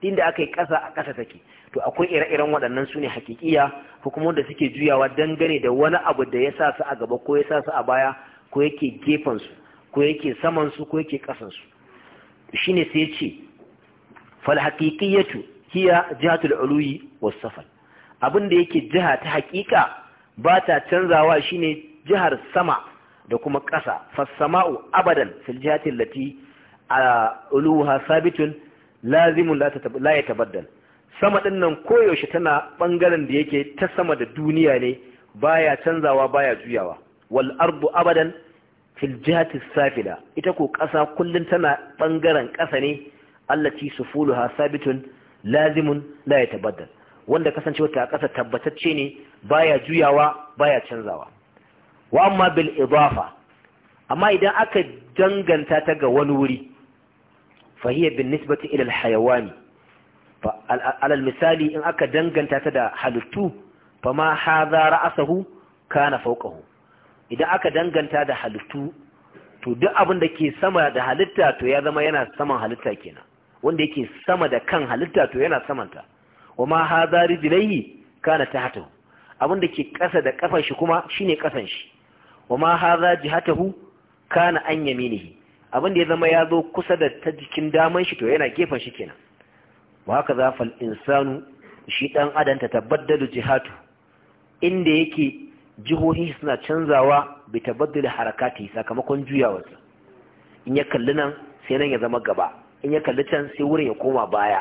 duk inda aka yi ƙasa a ƙasa take to akwai ire-iren waɗannan su ne hakikiya ko kuma wanda suke juyawa dangane da wani abu da ya sa su a gaba ko ya sa su a baya ko yake gefen su ko yake saman su ko yake ƙasan su shine sai ce fal haqiqiyatu hiya jihatul uluyi was safal abin da yake jiha ta haƙiƙa ba ta canzawa shine jihar sama da kuma ƙasa fassama'u abadan fil jihati allati uluha sabitun lazimun la yatabaddal sama din nan koyaushe tana bangaren da yake ta sama da duniya ne baya canzawa baya juyawa wal ardu abadan fil jihati safila ita ko ƙasa kullun tana bangaren ƙasa ne allati sufuluha sabitun lazimun la yatabaddal wanda kasancewa ta ƙasa tabbatacce ne baya juyawa baya canzawa wa amma bil idafa amma idan aka danganta ta ga wani wuri fa hiya bin nisbati ila hayawani misali in aka danganta ta da halittu fa ma hadha ra'sahu kana fawqahu idan aka danganta da halittu to duk abin da ke sama da halitta to ya zama yana saman halitta kenan wanda yake sama da kan halitta to yana samanta wa ma hadha rijlaihi kana tahtahu abin da ke kasa da kafan shi kuma shine kasan shi wa ma hadha jihatahu kana an yaminihi abin da ya zama ya zo kusa da ta jikin daman shi to yana gefen shi kenan wa haka za fal insanu shi dan adam ta tabaddalu jihatu inda yake jihohi suna canzawa bi tabaddul harakati sakamakon juyawarsa in ya kalli nan sai nan ya zama gaba in ya kalli can sai wurin ya koma baya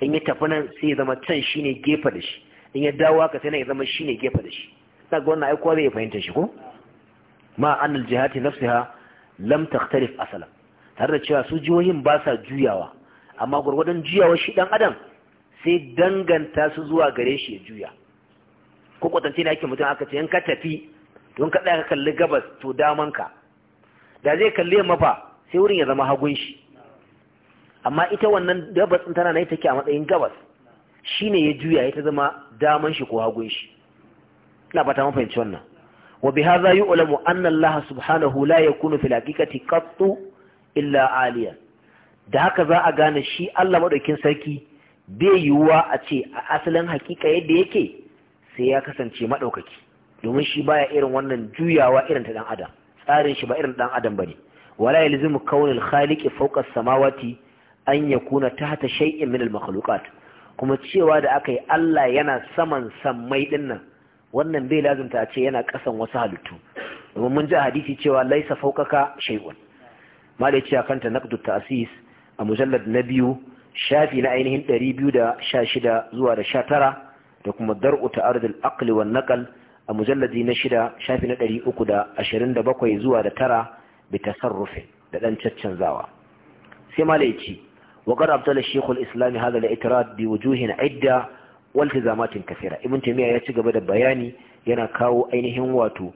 in ya tafi nan sai ya zama can shine gefe da shi in ya dawo haka sai nan ya zama shine gefe da shi na ga wannan aikowa zai fahimta shi ko ma annal jihati nafsiha lam takhtalif asala tare da cewa su jihohin ba sa juyawa amma gurgurdan juyawa shi dan adam sai danganta su zuwa gare shi ya juya ko kwatance na yake mutum aka ce in ka tafi don ka tsaya ka kalli gabas to daman ka da zai kalle mafa sai wurin ya zama hagun shi amma ita wannan gabas tana nan take a matsayin gabas shi ne ya juya ya ta zama daman shi ko hagun shi ina fata mun fahimci wannan wa bi hadha yu'lamu anna Allah subhanahu la yakunu fil haqiqati qattu illa aliya da haka za a gane shi Allah madaukin sarki bai yiwuwa a ce a asalin hakika yadda yake sai ya kasance madaukaki domin shi baya irin wannan juyawa irin ta dan adam tsarin shi ba irin dan adam bane wala yalzimu kaunul khaliqi fawqa samawati an yakuna tahta shay'in min al kuma cewa da aka yi Allah yana saman sammai din nan wannan bai lazumta a ce yana kasan wasu halittu domin mun ji a hadisi cewa laisa faukaka shay'un mala ya kanta akan ta naqdu ta'sis a mujallad na biyu shafi na ainihin 216 zuwa da 19 da kuma dar'u ta'arud al-aql wa a mujalladi na shida shafi na 327 zuwa da tara bi tasarrufi da dan caccanzawa sai mala وقد أبطل الشيخ الإسلامي هذا الاعتراض بوجوه عدة والتزامات كثيرة ابن تيمية يتقى بدا بياني ينا كاو أينهم واتو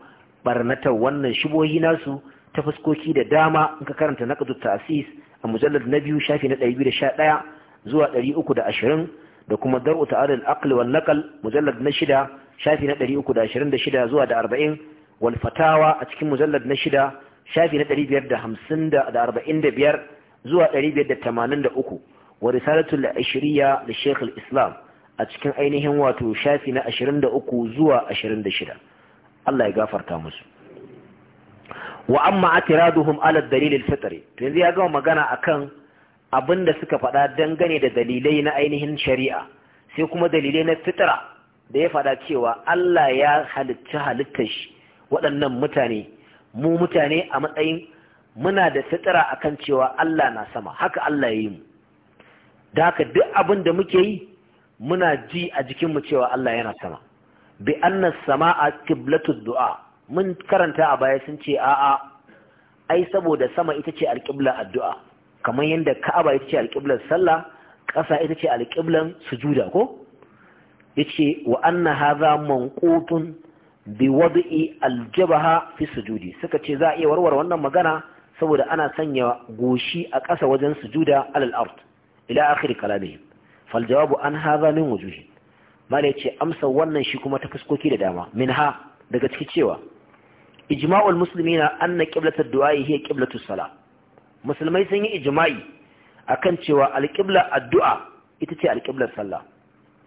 برنتا وانا شبوه ناسو تفسكو كيدا داما انك كارنت نقد التأسيس المجلد نبي شافي نتا يبيد شاء لا زوا تري أكو دا أشرين دا كما درء تعالى الأقل والنقل مجلد نشدا شافي نتا يري أكو دا أشرين دا شدا زوا دا أربعين والفتاوى أتكي مجلد نشدا شافي نتا يبير دا همسن دا أربعين دا بير zuwa 583 wa risalatul ashiriya da Sheikh islam a cikin ainihin wato shafi na 23 zuwa 26 Allah ya gafarta musu wa amma atiraduhum ala dalilil fitri to yanzu ya gama magana akan abinda suka faɗa dangane da dalilai na ainihin shari'a sai kuma dalilai na fitra da ya faɗa cewa Allah ya halitta halittar shi waɗannan mutane mu mutane a matsayin muna da fitira akan cewa Allah na sama haka Allah ya yi mu da haka duk abin da muke yi muna ji a jikinmu cewa Allah yana sama bi anna sama'a qiblatud du'a mun karanta a baya sun ce a'a ai saboda sama ita ce alqibla addu'a kamar yadda Ka'aba ita ce alqiblar sallah ƙasa ita ce alqiblan sujuda ko yace wa anna hadha manqutun bi wad'i aljabha fi sujudi suka ce za a iya warware wannan magana saboda ana sanya goshi a ƙasa wajen sujuda alal ard ila akhir kalamihim fal jawabu an hadha min wujuhi mala yace amsa wannan shi kuma ta fuskoki da dama minha daga ciki cewa ijma'ul na anna qiblatu du'a'i hiya qiblatu salah musulmai sun yi ijma'i akan cewa alqibla addu'a ita ce alqiblar sallah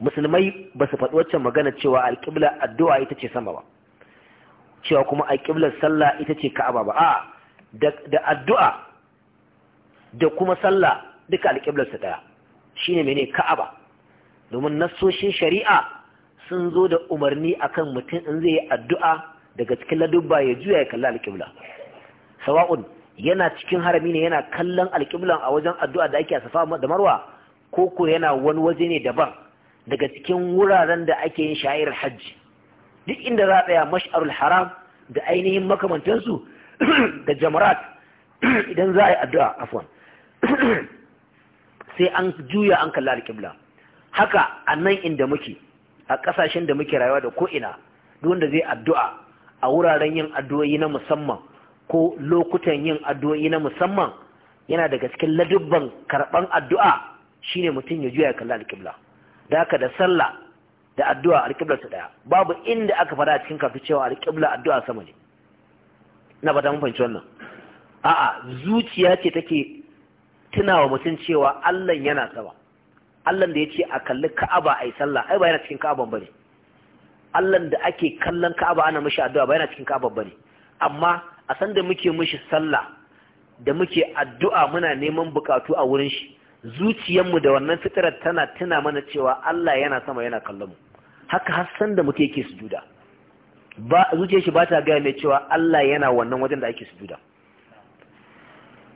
musulmai ba su faɗi waccan magana cewa alqibla addu'a ita ce sama ba cewa kuma alqiblar sallah ita ce ka'aba ba a'a da addu'a da kuma sallah duka alƙiblarsa ɗaya shi ne mene ka'aba domin nassoshin shari'a sun zo da umarni akan mutum in zai yi addu'a daga cikin ladubba ya juya ya kalli alƙibla sawa'un yana cikin harami ne yana kallon alƙiblan a wajen addu'a da ake a safa da marwa ko ko yana wani waje ne daban daga cikin wuraren da ake yin sha'irar hajji duk inda za a tsaya mash'arul haram da ainihin makamantansu [clears throat] da jamarat [clears throat] idan za a yi addu'a afon [clears throat] sai an juya an kalla alƙibla haka a nan inda muke a ƙasashen da muke rayuwa da ko'ina duk wanda zai addu'a a wuraren yin addu'o'i na musamman ko lokutan yin addu'o'i na musamman yana daga cikin ladubban karɓan addu'a shine mutum ya juya kalla alƙibla da haka da sallah da addu'a alƙibla su ɗaya babu inda aka fara cikin kafin cewa alƙibla addu'a sama ne na ba ta mun fahimci wannan a'a zuciya ce take tuna wa mutum cewa Allah yana sama Allah da ya ce a kalli Ka'aba ai sallah ai ba yana cikin Ka'aban bane Allah da ake kallon Ka'aba ana mishi addu'a ba yana cikin Ka'aban bane amma a san da muke mishi sallah da muke addu'a muna neman bukatu a wurin shi zuciyarmu da wannan fitarar tana tuna mana cewa Allah yana sama yana kallon mu haka har san da muke yake sujuda ba shi ba ta gaya mai cewa Allah yana wannan wajen da ake sujuda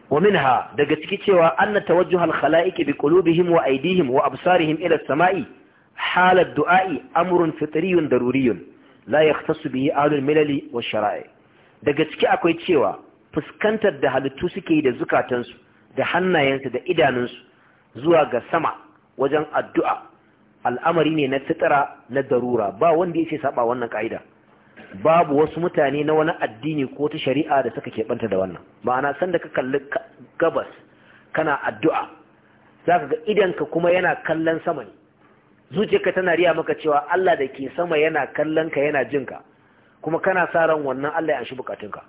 wa minha daga ciki cewa anna tawajjuhal khalaiqi bi qulubihim wa aydihim wa absarihim ila samai halat du'a'i amrun fitriyun daruriyun la yahtassu bihi ahlul milali wa shara'i daga ciki akwai cewa fuskantar da halittu suke yi da zukatansu da hannayensu da idanunsu zuwa ga sama wajen addu'a al'amari ne na fitara na darura ba wanda yake saba wannan ka'ida babu wasu mutane na wani addini ko ta shari'a da suka keɓanta da wannan ma'ana sanda ka kalli gabas kana addu'a za ka ga idanka kuma yana kallon sama ne zuciyarka tana riya maka cewa Allah da ke sama yana kallon ka yana jin ka kuma kana sa ran wannan Allah ya anshi bukatunka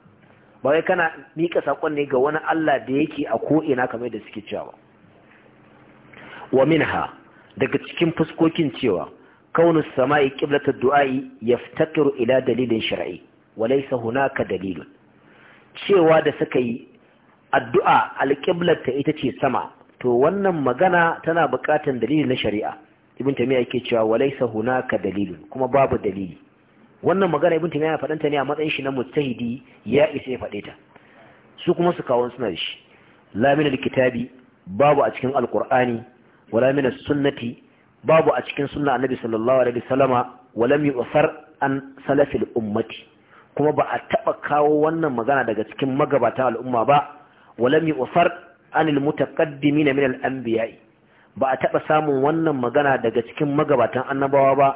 ba wai kana mika sakon ne ga wani Allah da yake a ko'ina kamar da suke cewa wa minha daga cikin fuskokin cewa kaunus sama'i qiblatud du'a'i yaftakiru ila dalilin shar'i wa hunaka dalilun cewa da suka yi addu'a alƙiblarta ita ce sama to wannan magana tana buƙatar dalili na shari'a ibn tamiya yake cewa walaysa hunaka dalilun kuma babu dalili wannan magana ibn tamiya ya faɗanta ne a matsayin shi na mujtahidi ya isa ya faɗe ta su kuma su kawo suna da shi la min babu a cikin alqur'ani wala min as-sunnati babu a cikin suna annabi sallallahu alaihi wasallama walam yu'far an salafil ummati kuma ba a taba kawo wannan magana daga cikin magabata al'umma ba walam yu'far anil mutaqaddimin min al-anbiya'i ba a taba samun wannan magana daga cikin magabatan annabawa ba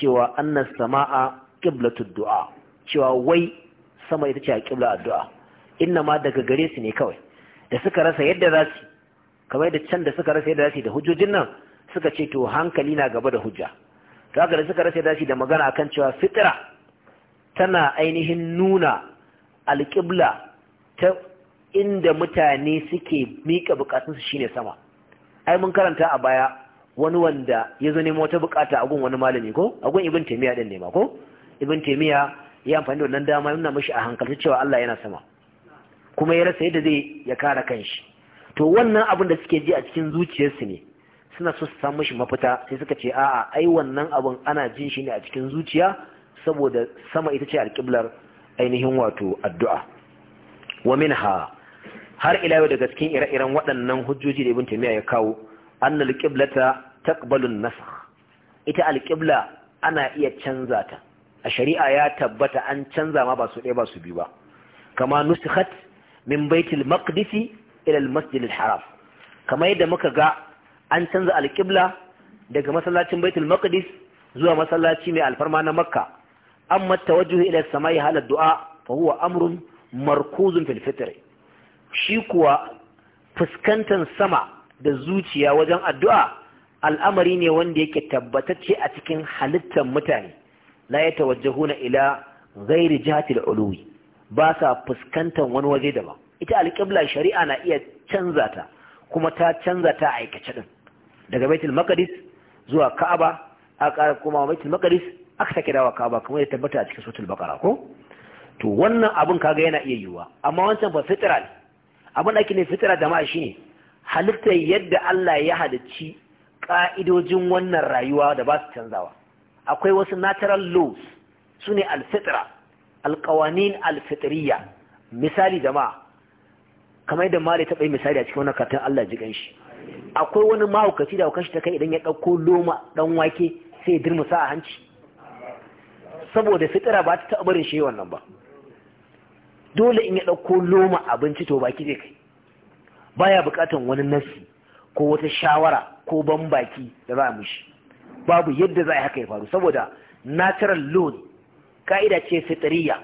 cewa annas sama'a qiblatud du'a cewa wai sama ita ce a qibla addu'a inna ma daga gare su ne kawai da suka rasa yadda za su kamar da can da suka rasa yadda za su da hujjojin nan suka ce to hankali na gaba da hujja to haka da suka rasa dashi da magana kan cewa fitira tana ainihin nuna alƙibla ta inda mutane suke miƙa bukatunsu shine sama ai mun karanta a baya wani wanda ya zo nemo wata bukata a gun wani malami ko a gun ibn taymiya din ne ma ko ibn taymiya ya amfani da wannan dama nuna mishi a hankali cewa Allah yana sama kuma ya rasa yadda zai ya kare kanshi to wannan abin da suke ji a cikin zuciyarsu ne suna so su samu shi mafita sai suka ce a'a ai wannan abun ana jin shi ne a cikin zuciya saboda sama ita ce alƙiblar ainihin wato addu'a wa minha har ila yau daga cikin ire-iren waɗannan hujjoji da ibn taymiya ya kawo anna alqiblata taqbalu nasakh ita alqibla ana iya canza ta a shari'a ya tabbata an canza ma ba su ɗaya ba su biyu ba kama nusikhat min baitul maqdis ila al-masjid al-haram kamar yadda muka ga an canza alƙibla daga masallacin baitul maqdis zuwa masallaci mai alfarma na makka amma tawajjuhu ila samai hala du'a fa huwa amrun markuzun fil fitr shi kuwa fuskantar sama da zuciya wajen addu'a al'amari ne wanda yake tabbatacce a cikin halittar mutane la yatawajjahuna ila ghairi jihati al-ulwi ba sa fuskantar wani waje daban ita alƙibla shari'a na iya canza ta kuma ta canza ta aikace din daga baitul maqdis zuwa ka'aba aka ƙara koma baitul maqdis aka sake dawa ka'aba kuma ya tabbata a cikin suratul baqara ko to wannan abun kaga yana iya yiwa, amma wancan ba fitral abun abin da ake ne fitra jama'a shine halitta yadda Allah ya halicci ka'idojin wannan rayuwa da ba su canzawa akwai wasu natural laws sune al-fitra al-qawanin al-fitriya misali jama'a kamar yadda mali ta bai misali a cikin wannan katon Allah ji ganshi akwai wani mahaukaci da aukashi ta kai idan ya ɗauko loma ɗan wake sai ya dirmusa a hanci saboda fitira ba ta taɓa shi wannan ba dole in ya ɗauko loma abinci to baki zai kai baya buƙatan wani nasi ko wata shawara ko ban baki da za a mishi babu yadda za a haka ya faru saboda natural law ka'ida ce fitiriya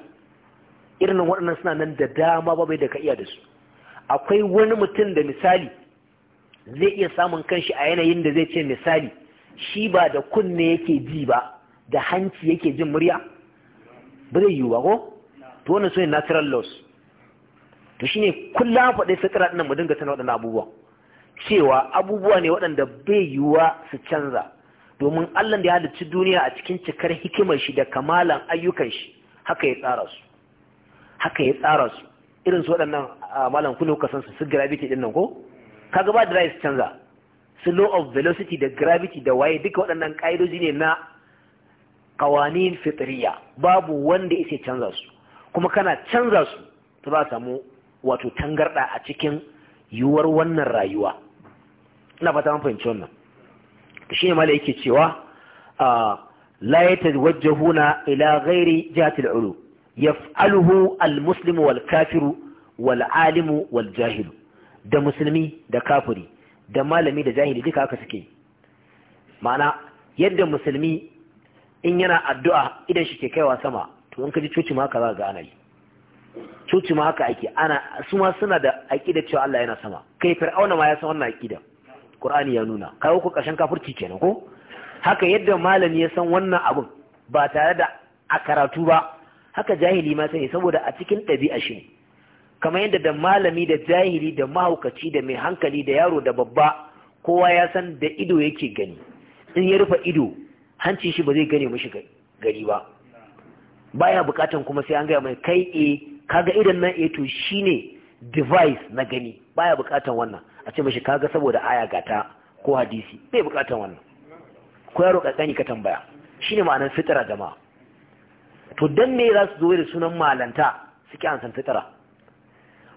irin waɗannan suna nan da dama babai da ka iya da su akwai wani mutum da misali zai iya samun kanshi a yanayin da zai ce misali shi ba da kunne yake ji ba da hanci yake jin murya ba zai yiwu ba ko to wannan sune natural laws to shine kullum faɗi sakara ɗin mu dinga tana waɗannan abubuwan cewa abubuwa ne waɗanda bai yiwuwa su canza domin Allah da ya halicci duniya a cikin cikar hikimar shi da kamalan ayyukan shi haka ya tsara su haka ya tsara su irin su waɗannan ah, malam kullum ka su su gravity ɗin nan ko kaga ba da canza slow of velocity da gravity da waye duka waɗannan ƙa'idoji ne na kawanin fitriya babu wanda yake canza su kuma kana canza su ta za samu wato tangarɗa a cikin yiwuwar wannan rayuwa ina fata an fahimci wannan shi ne mala yake cewa la yatawajjahuna ila ghairi jihati ulu yaf'aluhu al-muslimu wal kafiru wal alimu wal jahilu da musulmi da kafuri da malami da jahili duka haka suke ma'ana yadda musulmi in yana addu'a idan shi ke kaiwa sama to in ka ji coci ma haka za ga ana yi coci ma haka ake ana su ma suna da aƙida cewa Allah yana sama kai fir'auna ma ya san wannan aƙida Qur'ani ya nuna kawo ku ƙarshen kafirci kenan ko haka yadda malami ya san wannan abun ba tare da a karatu ba haka jahili ma sani saboda a cikin ɗabi'a shi ne kamar yadda da malami da jahili da mahaukaci da mai hankali da yaro da babba kowa ya san da ido yake gani in ya rufe ido hanci shi ba zai gane mishi gari ba baya bukatan kuma sai an gaya mai kai e eh, kaga idan nan e to shine device na gani baya bukatan wannan a ce mishi kaga saboda aya gata ko hadisi bai bukatan wannan ko yaro kakani ka tambaya shine ma'anar fitara jama'a to dan me za su zo da sunan malanta suke an san fitara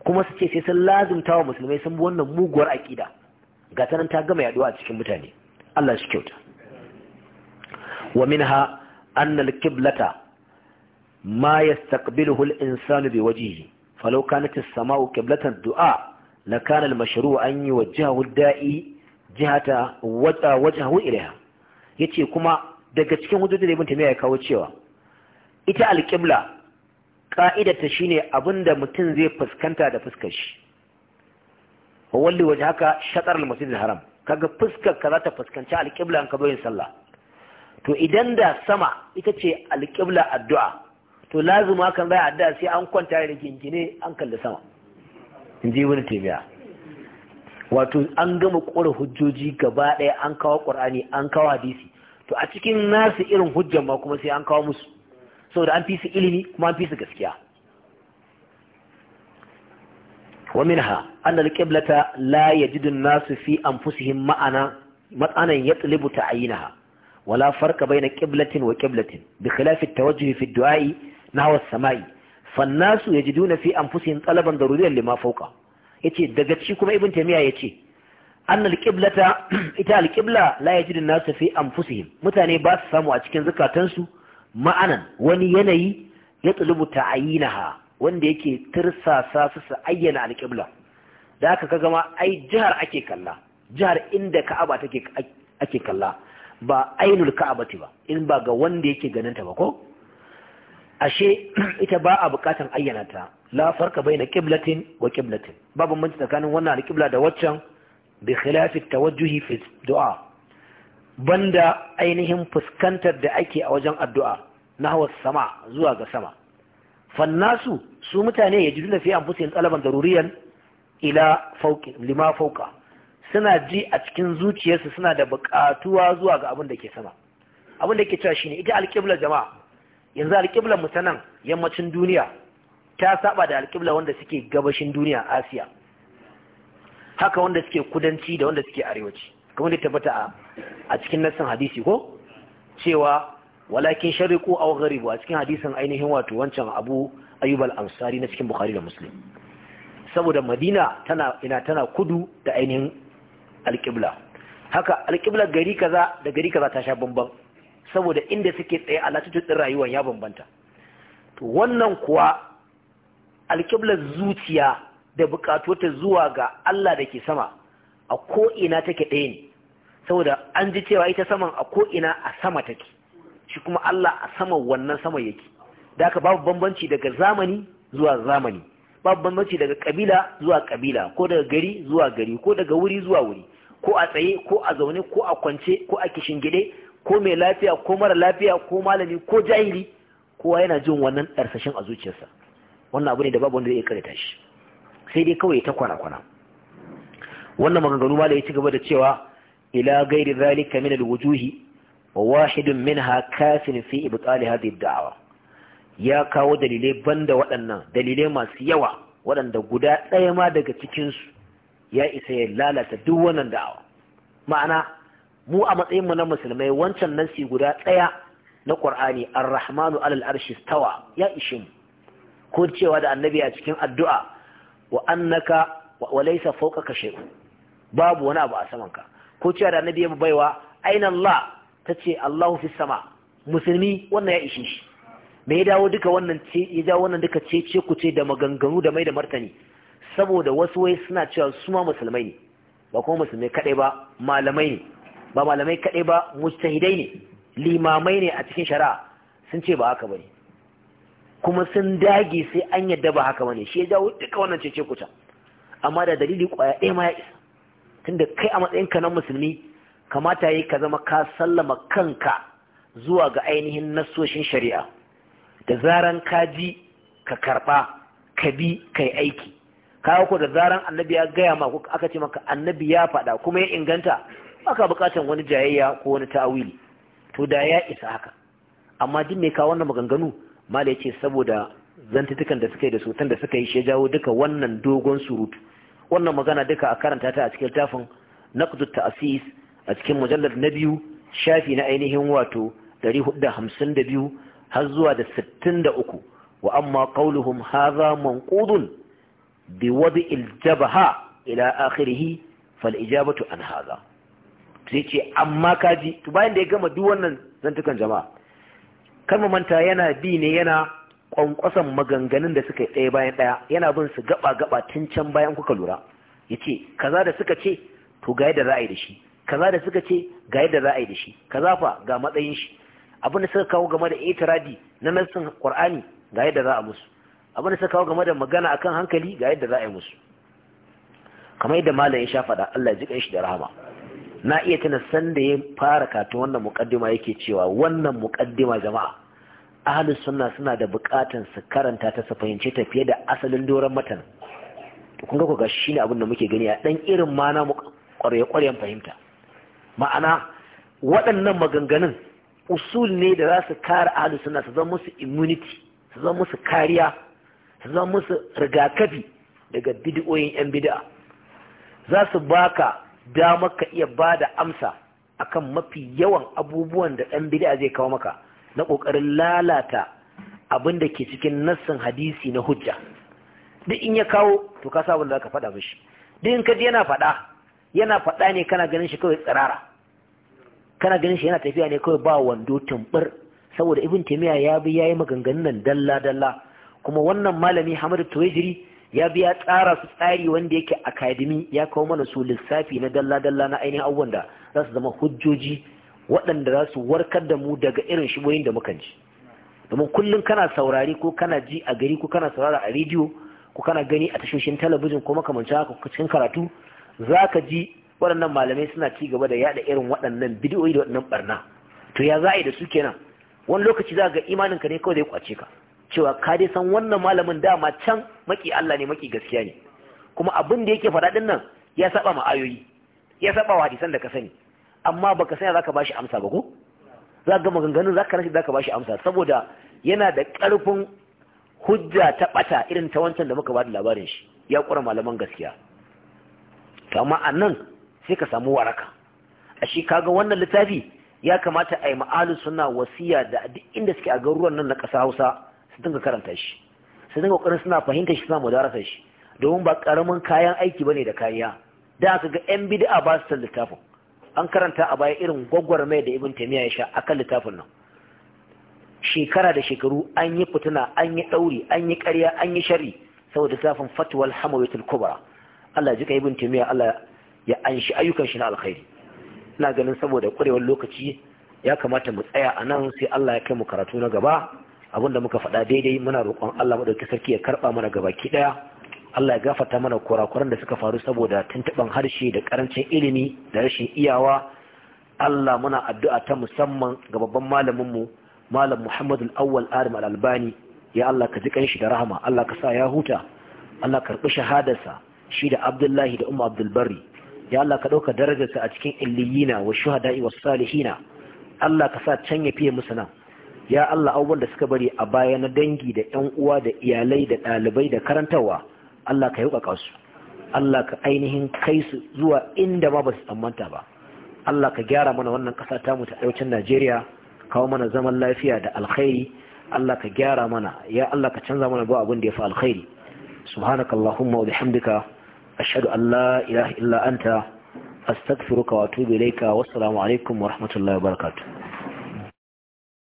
kuma su ce sai sun lazumta wa musulmai sun bi wannan muguwar aƙida ga ta nan ta gama yaduwa a cikin mutane Allah shi kyauta wa minha anna al-qiblata ma yastaqbiluhu al-insanu bi wajhihi falau kanat as-sama'u qiblatan du'a la kana al-mashru' an yuwajjahu al dai jihata wata wajhahu ilaiha yace kuma daga cikin hujjojin da ibn tamiya ya kawo cewa ita al-qibla shi shine abinda mutum zai fuskanta da fuskar shi Wani waje haka shatar al haram kaga fuskar ka za ta fuskanci alƙibla in ka bayin sallah to idan da sama ita ce alƙibla addu'a to lazima kan bai addu'a sai an kwanta da gingine an kalli sama in ji wani tabiya wato an gama ƙura hujjoji gaba ɗaya an kawo ƙur'ani an kawo hadisi to a cikin nasu irin hujjan ma kuma sai an kawo musu saboda an fi su ilimi kuma an fi su gaskiya wa minha anna al-qiblata la yajidu an-nasu fi anfusihim ma'ana ma'anan yatlibu ta'yinaha wala farqa bayna qiblatin wa qiblatin bi khilafi at-tawajjuh fi ad-du'a'i nahwa as-sama'i fan-nasu yajiduna fi anfusihim talaban daruriyyan lima fawqa yace daga ci kuma ibn taymiya yace anna al-qiblata [clears throat] ita al-qibla la yajidu an-nasu fi anfusihim mutane ba su samu a cikin zakatansu ma'anan wani yanayi ya tulubu ta'ayinaha wanda yake tirsasa su su ayyana alƙibla da aka ka gama ai jihar ake kalla jihar inda ka'aba take ake kalla ba ainul ka'abati ba in ba ga wanda yake ganin ta ba ko ashe [clears throat] ita ba a bukatan ayyana ta la farka baina qiblatin wa qiblatin babu manci tsakanin wannan alƙibla, da waccan bi khilafi tawajjuhi fi du'a banda ainihin fuskantar da ake a wajen addu'a na hawa sama zuwa ga sama fannasu su mutane ya jiduna fi anfusihim tsalaban daruriyan ila fauki lima fauka suna ji a cikin zuciyarsu suna da bukatuwa zuwa ga abin da ke sama abin da ke cewa shine ita alƙiblar jama'a yanzu alƙiblar mutanen yammacin duniya ta saba da alƙibla wanda suke gabashin duniya asiya haka wanda suke kudanci da wanda suke arewaci kamar da tabbata a cikin nassan hadisi ko cewa walakin shariku aw gharibu a cikin hadisin ainihin wato wancan Abu Ayyub al-Ansari na cikin Bukhari da Muslim saboda Madina tana ina tana kudu da ainihin alkibla, haka alkibla gari kaza da gari kaza ta sha bamban saboda inda suke tsaye a latitude din rayuwar ya bambanta to wannan kuwa alkiblar zuciya da bukatuwar zuwa ga Allah da ke sama a ko ina take ɗaya ne saboda an ji cewa ita saman a ko'ina a sama take shi kuma Allah a sama wannan sama yake da aka babu bambanci daga zamani zuwa zamani babu bambanci daga kabila zuwa kabila ko daga gari zuwa gari ko daga wuri zuwa wuri ko a tsaye ko a zaune ko a kwance ko a kishingide ko mai lafiya ko mara lafiya ko malami ko jahili kowa yana jin wannan ɗarsashin a zuciyarsa wannan abu ne da babu wanda zai karanta shi sai dai kawai ta kwana-kwana wannan maganganu ma ya ci gaba da cewa إلى غير ذلك من الوجوه وواحد منها كاف في إبطال هذه الدعوة يا كاو دليلي بند وأن دليلي ما سيوا وأن قداء أي ما دك تكنس يا إسي لا لا تدونا دعوة معنى mu a matsayin mu na musulmai wancan nasi guda ɗaya na ƙur'ani, Ar-Rahmanu alal arshi stawa ya ishe mu ko cewa da annabi a cikin addu'a wa annaka wa laysa babu wani abu a ka. ko cewa da annabi ya baiwa aina Allah tace Allahu fi sama musulmi wannan ya ishe shi me ya dawo duka wannan ce ya dawo wannan duka ce ce ku ce da maganganu da mai da martani saboda wasu wai suna cewa su ma musulmai ne ba kuma musulmai kadai ba malamai ne ba malamai kadai ba mujtahidai ne limamai ne a cikin shari'a sun ce ba haka bane kuma sun dage sai an yadda ba haka bane shi ya dawo duka wannan ce-ce ku kuta amma da dalili kwaya ɗaya ma ya isa tunda kai a matsayinka na musulmi kamata yi ka zama ka sallama kanka zuwa ga ainihin nasoshin shari'a da zaran ka ji ka karɓa ka bi ka yi aiki kawo ko da zaran annabi ya gaya ma ko aka ce maka annabi ya faɗa kuma ya inganta aka buƙatar wani jayayya ko wani ta'awili to da ya isa haka amma duk me ka wannan maganganu mala ce saboda zantutukan da suka yi da tun da suka yi shi jawo duka wannan dogon surutu wannan magana duka a karanta ta a cikin tafin Naqdut ta'sis a cikin mujallar na biyu shafi na ainihin wato 452 har zuwa da 63 wa amma qauluhum hadha manqudun bi wad'il jabha ila akhirih fal ijabatu an hadha sai ce amma kaji to bayan da ya gama duk wannan zantukan jama'a kar mu manta yana bi ne yana Ƙwanƙwasan maganganun da suka yi ɗaya bayan ɗaya yana bin su gaba gaba tun can bayan kuka lura ya ce kaza da suka ce to ga yadda za a da shi kaza da suka ce ga yadda za da shi kaza fa ga matsayin shi abin da suka kawo game da itiradi na nassin qur'ani ga yadda za a musu abin da suka kawo game da magana akan hankali ga yadda za a yi musu kamar yadda malam ya sha faɗa Allah ya ji shi da rahama na iya tana sanda ya fara katin wannan mukaddima yake cewa wannan mukaddima jama'a Ahli sunna suna da bukatan su karanta ta su fahimce ta fiye da asalin doron matan kun ga shi shine abin da muke gani a dan irin mana mu kware-kwaren fahimta ma'ana waɗannan maganganun usul ne da za su kare ahalus sunna su zama musu immunity su zama musu kariya su zama musu rigakafi daga bid'o'in yan bid'a za su baka damar ka iya bada da amsa akan mafi yawan abubuwan da ɗan bid'a zai kawo maka na ƙoƙarin lalata abin da ke cikin nassin hadisi na hujja duk in ya kawo to ka sabon da ka faɗa mishi duk in kaji yana faɗa yana faɗa ne kana ganin shi kawai tsirara kana ganin shi yana tafiya ne kawai ba wando tumbur saboda ibn taymiya ya bi yayi maganganun nan dalla dalla kuma wannan malami Hamad Tuwaijiri ya bi ya tsara su tsari wanda yake akademi ya kawo mana su lissafi na dalla dalla na ainihin abubuwan da za su zama hujjoji waɗanda za su warkar da mu daga irin shigoyin da muka ji domin kullum kana saurari ko kana ji a gari ko kana saurara a rediyo ko kana gani a tashoshin talabijin ko makamancin haka cikin karatu za ka ji waɗannan malamai suna ci gaba da yaɗa irin waɗannan bidiyoyi da waɗannan barna to ya za a yi da su kenan wani lokaci za ga imanin ka ne kawai zai kwace ka cewa ka dai san wannan malamin dama can maki Allah ne maki gaskiya ne kuma abin da yake faɗaɗin nan ya saba ma ayoyi ya saba wa hadisan da ka sani amma baka sanya zaka bashi amsa ba ko za ga maganganun zaka rashi ba bashi amsa saboda yana da karfin hujja ta ɓata irin ta wancan da muka ba da labarin shi ya kura malaman gaskiya to amma nan sai ka samu waraka a shi kaga wannan littafi ya kamata a yi ma'alin suna wasiya da duk inda suke a garuruwan nan na ƙasa hausa su dinga karanta shi su dinga ƙoƙarin suna fahimta shi suna mudarasa shi domin ba ƙaramin kayan aiki ne da kariya da aka ga yan bid'a ba su san littafin an karanta a baya irin gwagwarmai da ibin taymiya ya sha kan littafin nan shekara da shekaru an yi fituna an yi ɗauri an yi ƙarya an yi shari saboda littafin fatuwal hamawitul kubra Allah jika ibn taymiya Allah ya anshi ayyukan shi na alkhairi ina ganin saboda ƙwarewar lokaci ya kamata mu tsaya a nan sai Allah ya kai mu karatu na gaba abinda muka faɗa daidai muna roƙon Allah madauki sarki ya karɓa mana gabaki ɗaya Allah ya gafarta mana kurakuran da suka faru saboda tuntuɓan harshe da ƙarancin ilimi da rashin iyawa Allah muna addu'a ta musamman ga babban malaminmu malam Muhammad al-Awwal Arim al-Albani ya Allah ka ji kanshi da rahama Allah ka sa ya huta Allah karɓi shahadarsa shi da Abdullahi da Umma Abdul Barri ya Allah ka ɗauka darajarsa a cikin illiyina wa shuhada'i wa salihina Allah ka sa can ya fiye musu nan ya Allah abubuwan da suka bari a baya na dangi da ƴan uwa da iyalai da ɗalibai da karantarwa Allah ka yaukaka su Allah ka ainihin kai su zuwa inda ba ba su tsammanta ba Allah ka gyara mana wannan ƙasa tamu ta arewacin Najeriya kawo mana zaman lafiya da alkhairi Allah ka gyara mana ya Allah ka canza mana ba abin da ya fi alkhairi allahumma wa bihamdika ashhadu an la ilaha illa anta astaghfiruka wa atubu ilayka wassalamu alaikum wa rahmatullahi wa barakatuh